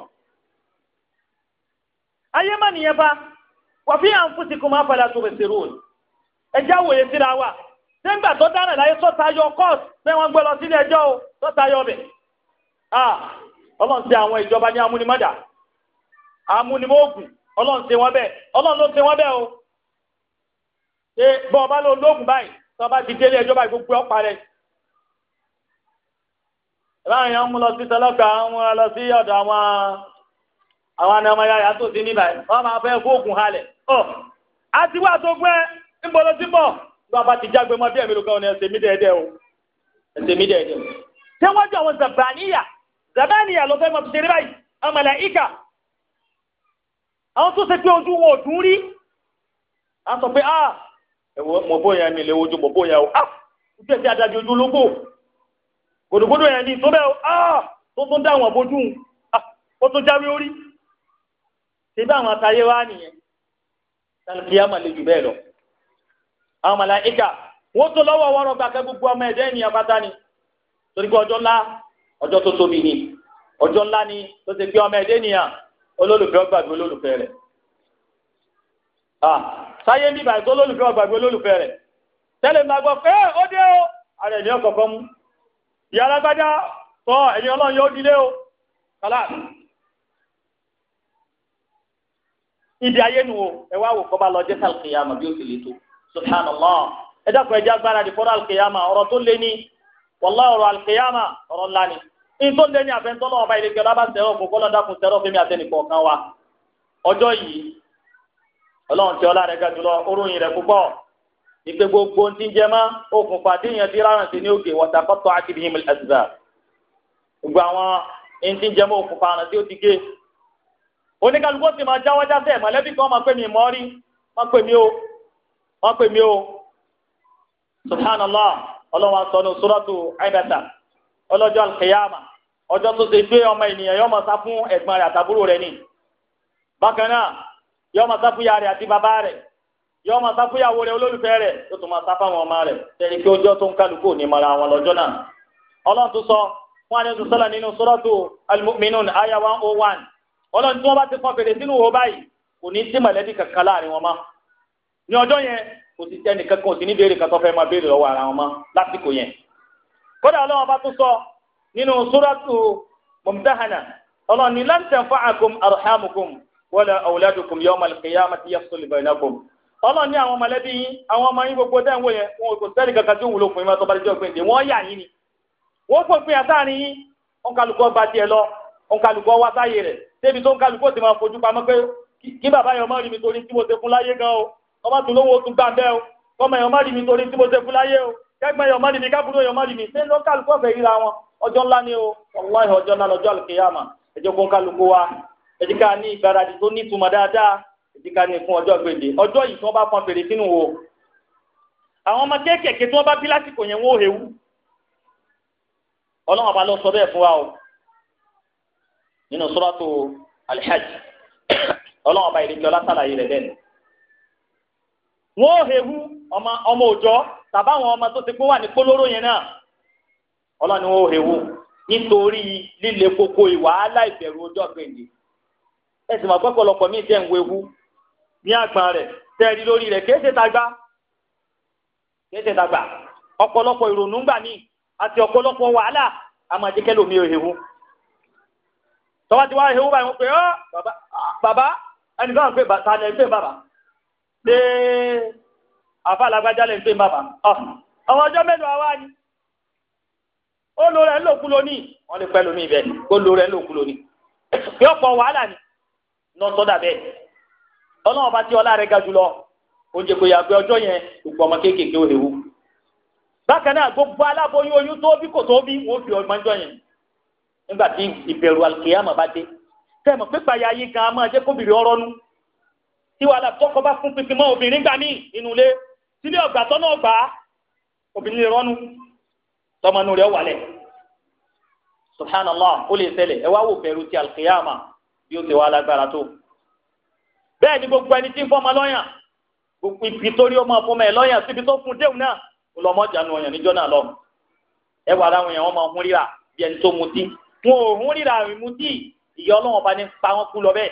ayé sẹ́ńgbà tó dáná láyé sọ́tayọ kọ́ọ̀sì pé wọ́n gbé lọ sílé ẹjọ́ o sọ́tayọ bẹ̀. ọlọ́run ti àwọn ìjọba ní amúnimọ́dà amúnimọ́ògùn ọlọ́run ti wọ́n bẹ̀ ọlọ́run ló wọ́n o. ṣé bá lóògùn báyìí ti délé ẹjọ́ báyìí gbogbo bá a bá ti jágbe mọ́ bí ẹ̀mí ló kàn ní ẹsẹ̀ mí dẹ́ẹ̀dẹ́ o ẹsẹ̀ mí dẹ́ẹ̀dẹ́ o. ṣé wọ́n jọ àwọn zabaniya zabaniya ló fẹ́ mọ fi ṣeré báyìí amala ika àwọn tó ṣe pé ojú wọn ò dùn rí a sọ pé ah ẹ̀wọ̀ mọ̀ bóyá mi lè wojú mọ̀ bóyá o ah ń tẹ̀sí adájọ́ ojú ológbò gòdògòdò yẹn ní ìtọ́bẹ̀ o ah tó tún dá àwọn àbójú ah ó tún jáwé orí ṣe bí àwọn àtàyè wá nìyẹn àwọn màláíkà wọ́n tó lọ́wọ́ wọn rọgbà kẹ́ gbogbo ọmọ ẹ̀dá ènìyàn bá dání torí pé ọjọ́ ńlá ọjọ́ tó tóbi ni ọjọ́ ńlá ni tó ti gbé ọmọ ẹ̀dá ènìyàn olólùfẹ́ ọgbàgbé olólùfẹ́ rẹ̀ sáyé ń bíbà ètò olólùfẹ́ ọgbàgbé olólùfẹ́ rẹ̀ tẹ́lẹ̀ máa gbọ́ pé ó dé o ara ẹ̀mí ọkọ̀ọ̀kan mú ìyá alágbádá tọ́ ẹ̀yìn ọlọ́run yóò dilé o kálá ibi ayé nu o ẹ wá wò kọ́ bá lọ jẹ́ sàlùkìyàmọ̀ bí ó sì le tó subhanallah ẹ dákun ẹ jẹ́ agbára di fọ́rọ̀ alkiyama ọ̀rọ̀ tó lé ní wàllá ọ̀rọ̀ alkiyama ọ̀rọ̀ ńlá ni in tó lé ní àfẹnutọ́lọ́ ọba ìlẹ́kẹ́ ọlá bá sẹ́rọ̀ kó kọ́lọ́ dákun sẹ́rọ̀ fún mi àtẹnìkọ̀ kan wa ọjọ́ yìí ọlọ́run tí ọlá rẹ̀ ga jùlọ oróyìn rẹ̀ púpọ̀ ìpè gbogbo ti ń jẹmọ́ okùnfà tí èèyàn ti ráràn sí ní òkè wọ́tàkọ́tọ̀ àti bíi himil ẹ̀sìdà gbogbo àwọn ẹni tí ń jẹmọ́ okùnfà àrùn tí ó ti gé oníkàlùkò sì máa jáwọ́ jáde mọ̀lẹ́bí kan máa pè mí mọ́rí máa pè mí o wọ́n pè mí o subhanallah ọlọ́wọ́n sọ ní suratu Abasa ọlọ́jọ́ alkiyama ọjọ́ tó ṣe gbé ọmọ ènìyàn yọ ọmọ sá fún ẹ̀gbọ́n rẹ̀ àtàbúrò rẹ̀ ni bákan náà yọ ọmọ ya rẹ̀ àti bàbá rẹ̀ yọ ọmọ sá fún ìyàwó rẹ̀ olólùfẹ́ rẹ̀ tó tún máa sá fáwọn ọmọ rẹ̀ tẹ̀lé kí ọjọ́ tó ń kálukú ní mara àwọn lọ́jọ́ náà ọlọ́run tó sọ fún àdéhùn sọ́lá nínú aya one oh one ọlọ́run tí wọ́n bá ti fọ́ fèrè sínú báyìí kò ní mọ̀lẹ́bí kankan ní ọjọ́ yẹn kò sí tẹ́ nìkan kan sí ní béèrè kan tó fẹ́ máa béèrè lọ́wọ́ ara wọn mọ́ lásìkò yẹn kódà ọlọ́run bá tún sọ nínú súrátù mumtahana ọlọ́run ní lan tanfa'akum arhamukum wala awladukum yawma al-qiyamati yafsul bainakum ọlọ́run ní àwọn mọ̀lẹ́bí yín àwọn ọmọ yín gbogbo dẹ́n wò yẹn wọn kò sẹ́ni kankan tí ó wúlò fún yín mọ́tò balẹ̀ jọ pé ǹdẹ̀ wọ́n yà yín ọmọ tún lówó tún gbà bẹ́ẹ̀ o kọ́mọ èèyàn má rí mi torí tí mo ṣe fún láyé o kẹ́gbọ́n èèyàn má rí mi kábùrú èèyàn má rí mi ṣé ló kálukú ọ̀fẹ́ ríra wọn ọjọ́ ńlá ni o wàláhì ọjọ́ ńlá lọ́jọ́ àlùkìyàmà ẹjọ́ kó kálukú wa ẹ jẹ́ ká ní ìgbáradì tó nítumọ̀ dáadáa ẹ jẹ́ ká ní fún ọjọ́ gbèdé ọjọ́ yìí tí wọ́n bá pọn fèrè sínú wo àwọn ọmọ kéékèèké tí wọ́n bá bí lásìkò yẹn wọ́n ò hewu ọlọ́run ọba ló sọ bẹ́ẹ̀ fún wa o nínú suratu alhaji hajj ọlọ́run ọba ìrètí ọlá sàlàyé rẹ̀ bẹ́ẹ̀ wọn ò hewu ọmọ ọmọ òjọ tàbá ọmọ tó ti pé wà ní polówó yẹn náà ọlọ́ni wọn ò hewu nítorí líle koko ìwàhálà ìbẹ̀rù ọjọ́ gbèǹde ẹ sì mọ̀ pé tẹ̀ ń wewu ní àgbà rẹ̀ tẹ̀rí lórí rẹ̀ kìí ṣe tagbá kìí ṣe ọ̀pọ̀lọpọ̀ ìrònú gbà mí àti ọ̀pọ̀lọpọ̀ wàhálà lómi ò hewu pé àfa alágbájá lè ń pè bàbá ah, ọmọ ọjọ́ mélòó àwa ni ó lo rẹ̀ lòkú lónìí wọ́n lè pẹ́ lómi ibẹ̀ ó lo rẹ̀ lòkú lónìí yóò pọ̀ wàhálà ni nọ́ọ̀tọ́dà bẹ́ẹ̀ ọlọ́run bá tí ọlá rẹ̀ ga jùlọ oúnjẹ kò yà pé ọjọ́ yẹn gbogbo ọmọ kéékèèké ò lè wú bákan náà gbogbo aláboyún oyún tó bí kò tó bí wọ́n fi ọgbọ́n jọ yẹn nígbà tí ìbẹ̀rù àlùkìyàmọ̀ bá dé tẹ́ mọ̀ pípa ya yí gan-an máa jẹ́ kóbìnrin ọ̀rọ̀ nu tí wàhálà tọkọ bá fún pinpin mọ́ obìnrin gbà míì nínú ilé sílé ọgbà tọ́nà ọgbà obìnrin lè rọ́nu tọmọnú rẹ̀ wà lẹ̀ subhanallah ó lè ṣẹlẹ̀ ẹ wá wò bẹ̀rù ti alkiyama bí ó ti wà lágbára tó bẹ́ẹ̀ ni gbogbo ẹni tí ń fọmọ lọ́yàn gbogbo ibi torí ọmọ fọmọ ẹ lọ́yàn síbi tó fún déun náà ọlọmọjànú ọyàn níjọ́ náà lọ ẹ wà láwọn èèyàn wọn máa ríra bí ẹni tó mutí wọn ò hún ríra àrùn mutí ìyá ọlọ́wọ́n bá ní pa wọn kú lọ bẹ́ẹ̀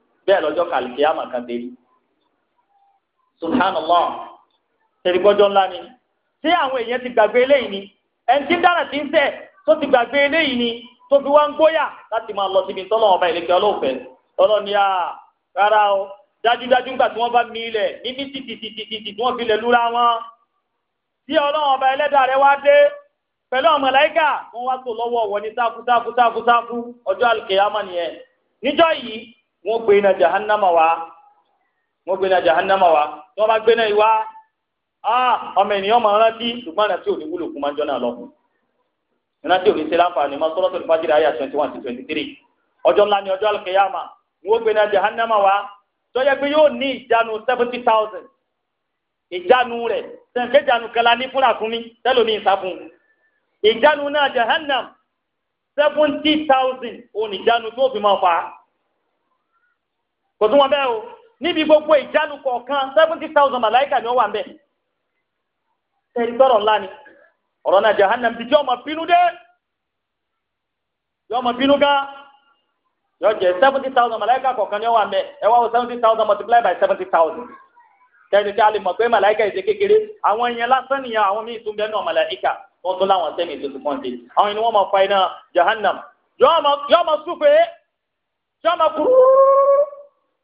bẹ́ẹ̀ lọ́jọ́ kàlùkì àmà kan dé subhanallah tẹ̀lifọ́jọ́ ńlá ni ṣé àwọn èèyàn ti gbàgbé eléyìí ni ẹni tí ń dára ti ń ṣẹ̀ tó ti gbàgbé eléyìí ni tó fi wá ń gbóyà láti máa lọ síbi tọ́lọ́ ọba ìlẹ́kẹ́ ọlọ́ọ̀fẹ́ ọlọ́ni à rárá o dájúdájú ńgbà tí wọ́n bá mi ilẹ̀ níbi tìtìtìtìtì tí wọ́n fi lẹ̀ lúra wọn tí ọlọ́run ọba ẹlẹ́dàá rẹ wá dé pẹ̀lú ọmọ láìka wọ́n wá tó lọ́wọ́ wọ ní sáfù sáfù sáfù sáfù ọjọ́ àlùkè yàmà nìyẹn níjọ́ yìí wọ́n gbé na jahannama wa wọ́n gbé na jahannama wa tí wọ́n bá gbé náà ọmọ ènìyàn máa rántí ṣùgbọ́n ìrántí ò wúlò fún máa ń jọ́nà lọ. ìrántí ò ṣe láǹfààní mọ́ suratul fajr àyà twenty one sí twenty three ọjọ́ ńlá ni ọjọ́ jahannama wa pé yóò ní ìjánu seventy thousand ìjánu rẹ̀ sẹ̀ǹkẹ́ ìjánu kẹla ní fúnra fún mi jahannam seventy thousand ìjánu tó fi kò tún wọn bẹ́ẹ̀ o níbi gbogbo ìjánu kọ̀ọ̀kan seventy thousand màláìkà ni ó wà ń bẹ̀. sẹ́ni tọrọ ńlá ni ọ̀rọ̀ náà jahannam ti jẹ́ ọmọ bínú dé yọ ọmọ bínú gan yọ jẹ seventy thousand Malaika. kọ̀ọ̀kan ni ó wà ń bẹ̀ ẹ wá wo seventy thousand multiplied by seventy thousand kẹ́ni tí a lè mọ̀ pé màláìkà ìṣe kékeré àwọn èèyàn lásán nìyẹn àwọn míì tún bẹ́ẹ̀ náà màláìkà wọ́n tún láwọn sẹ́mi ìṣe tuntun ṣe àwọn ènìyàn wọn máa fa iná jahannam yọ ọmọ súfèé yọ ọmọ kúrúrú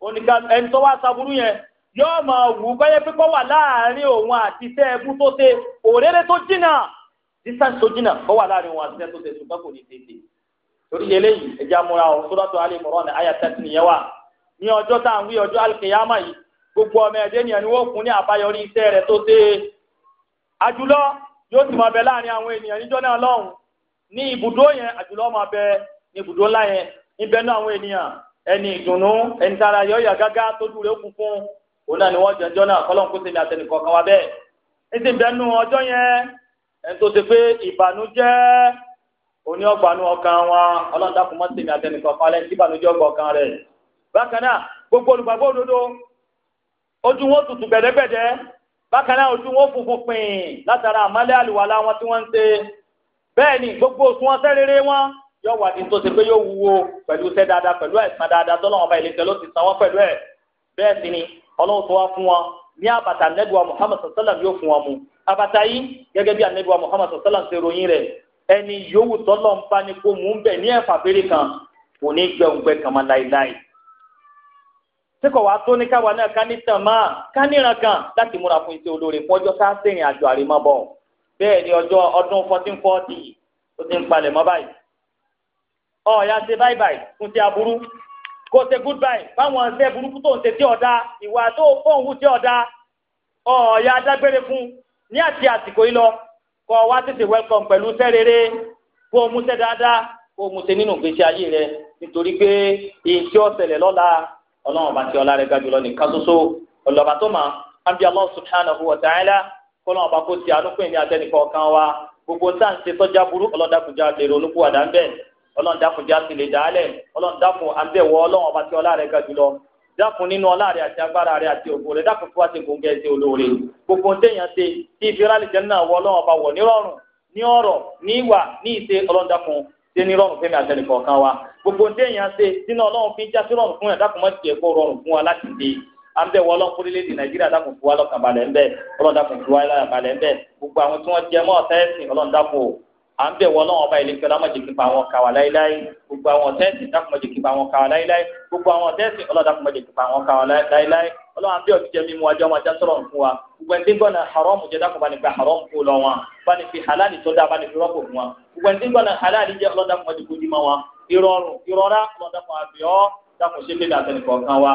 oníkà ẹni tó wá sábúrú yẹn yóò máa wù gbẹ́yẹ́ pípọ́ wà láàrin òun àti iṣẹ́ ẹbú tó ṣe òréré tó jìnnà distance tó jìnnà ó wà láàrin òun àti iṣẹ́ tó ṣe ṣùgbọ́n kò ní tètè torí eléyìí ẹja múra ọ̀ sọ́dọ̀tọ̀ alẹ́ mọ̀rọ́ ní àyà tẹ́tì nìyẹn wà ní ọjọ́ tá à ń wí ọjọ́ alìkèyàmà yìí gbogbo ọmọ ẹ̀dẹ́ nìyẹn ni wọ́n fún ní àbáyọrí iṣẹ́ rẹ̀ tó ṣe àjùlọ yóò sì máa bẹ láàrin àwọn ènìyàn níjọ́ náà lọ́hùn ní ibùdó yẹn àjùlọ máa bẹ ní ibùdó ńlá níbẹ̀ náà àwọn ènìyàn ẹni ìdùnnú ẹni tára yọ ọyà gágá tójú rẹ kún fún òun náà ni wọn jẹjọ náà kọlọ́n kó sèmi àtẹnìkọ̀ kan wá bẹ́ẹ̀ níti bẹ́nu ọjọ́ yẹn ẹni tó ti pé ìbànújẹ́ òní ọgbàánu ọkàn wọn ọlọ́run dákun mọ́ sèmi àtẹnìkọ̀ kan lẹ́yìn tí ìbànújẹ́ ọgbà ọkàn rẹ̀ bákan náà gbogbo olùgbàgbọ́ òdodo ojú wọn tutù gbẹ̀dẹ́gbẹ̀dẹ́ bákan náà ojú wọn funfun pin látara àmàlẹ́ àlùwàlá wọn tí wọ́n ń ṣe bẹ́ẹ̀ ni gbogbo òṣùwọ̀n sẹ́rẹ̀rẹ̀ wọn yóò wà ní tó ṣe pé yóò wúwo pẹ̀lú iṣẹ́ dáadáa pẹ̀lú ẹ̀sán dáadáa tó lọ́wọ́ bá ilé tẹ́lọ́ ti san wọ́n pẹ̀lú ẹ̀ bẹ́ẹ̀ sì ni ọlọ́run tó wá fún wọn ní àbàtà nẹ́gbẹ̀wá Muhammad sallam yóò fún wọn mu àbàtà yìí gẹ́gẹ́ bí anẹ́gbẹ̀wá Muhammad sallam ṣe ròyìn rẹ̀ ẹni yòówù tọ́lọ̀ ń bá ní kó mú un bẹ̀ ní ẹ̀fà péré kan kò ní gbẹ̀ǹgbẹ̀ kan mọ́ láéláé tí kò wá tó ní káwa náà ká ní tàn máa ká níran kan láti múra fún iṣẹ́ olóore fún ọjọ́ ká sẹ́yìn àjọ àrèmọ́bọ̀ bẹ́ẹ̀ ni ọjọ́ ọdún fourteen forty ó ti ń palẹ̀ mọ́ báyìí ọ̀ọ́yà ṣe báyìí báyìí fún ti aburú kò ṣe goodbye báwọn ṣe burúkú tó ń ṣe tí ọ̀dà ìwà tó fóun wù tí ọ̀dà ọ̀ọ́yà dágbére fún ní àti àsìkò yìí lọ kọ́ wá tètè welcome pẹ̀lú sẹ́rẹ̀rẹ̀ kó o mú sẹ́ dáadáa kó o mú sẹ́ nínú ìgbésí ayé rẹ nítorí pé èsì ọ̀sẹ̀lẹ̀ lọ́la ọlọ́run bá ti ọlá rẹ ga jùlọ nìkan ṣoṣo ọlọ́ba tó mọ̀ ábí Allah subhanahu wa ta'ala kọ́lọ́run bá kó ti àánú pè ní atẹnìkọ̀ọ̀kan wa gbogbo táà ń burú ọlọ́dàkùnjà lè ronú kú ń bẹ́ẹ̀ ọlọ́run dákun já sí lè dálẹ̀ ọlọ́run dákun àbẹ̀wò ọlọ́run ọba tí ọlá rẹ̀ ga jùlọ dákun nínú ọlá rẹ̀ àti agbára rẹ̀ àti ògo rẹ̀ dákun fún wa ti gòńgẹ́ ẹsẹ̀ olóore gbogbo téèyàn ṣe tí ìfirálì jẹ́ náà wọ ọlọ́run ọba wọ̀ nírọ̀rùn ní ọ̀rọ̀ ní ìwà ní ìṣe ọlọ́run dákun ṣe ní rọ̀rùn fẹ́mi àtẹnì kọ̀ọ̀kan wa gbogbo téèyàn ṣe sínú ọlọ́run fi já sí rọ̀rùn fún yàn dákun mọ́ tiẹ̀ kó rọ̀rùn fún wa láti ṣe àbẹ̀ gbogbo àwọn tí wọ́n jẹ mọ́ ọ̀tá ẹ̀sìn ọlọ́run dákun à ń bẹ̀ wọ́n náà ọba ìlẹ́kẹ́ ọlọ́mọdé kí n pa àwọn kàwá láíláí gbogbo àwọn tẹ́sì dákùmọ̀dé kí n pa àwọn kàwá láíláí gbogbo àwọn tẹ́sì ọlọ́dàkùmọ̀dé kí n pa àwọn kàwá láíláí ọlọ́wọ́n bí ọtí jẹ́ mímu ọjọ́ ọmọ ajá sọ̀rọ̀ fún wa gbogbo ẹni tí ń gbọ́nà haram jẹ́ dákun bá ní gba haram kó lọ wọn bá ní fi halali tó dáa bá ní fi rọ́pò fún wa gbogbo ẹni tí ń gbọ́nà halali jẹ́ ọlọ́dàkun ọdún kojú mọ́ wọn ìrọ̀rùn ìrọ̀rá ọlọ́dàkun àbíọ́ dákun ṣe pé dàtẹ̀ nìkan kan wa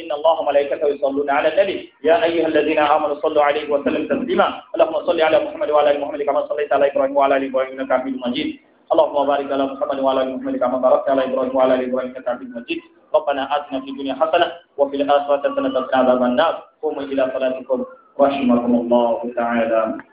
إن الله ملائكته يصلون على النبي يا أيها الذين آمنوا صلوا عليه وسلموا تسليما اللهم صل على محمد وعلى آل محمد كما صليت على إبراهيم وعلى آل إبراهيم إنك حميد مجيد اللهم بارك على محمد وعلى آل محمد كما باركت على إبراهيم وعلى آل إبراهيم إنك حميد مجيد ربنا آتنا في الدنيا حسنة وفي الآخرة حسنة وقنا عذاب النار قوموا إلى صلاتكم رحمكم الله تعالى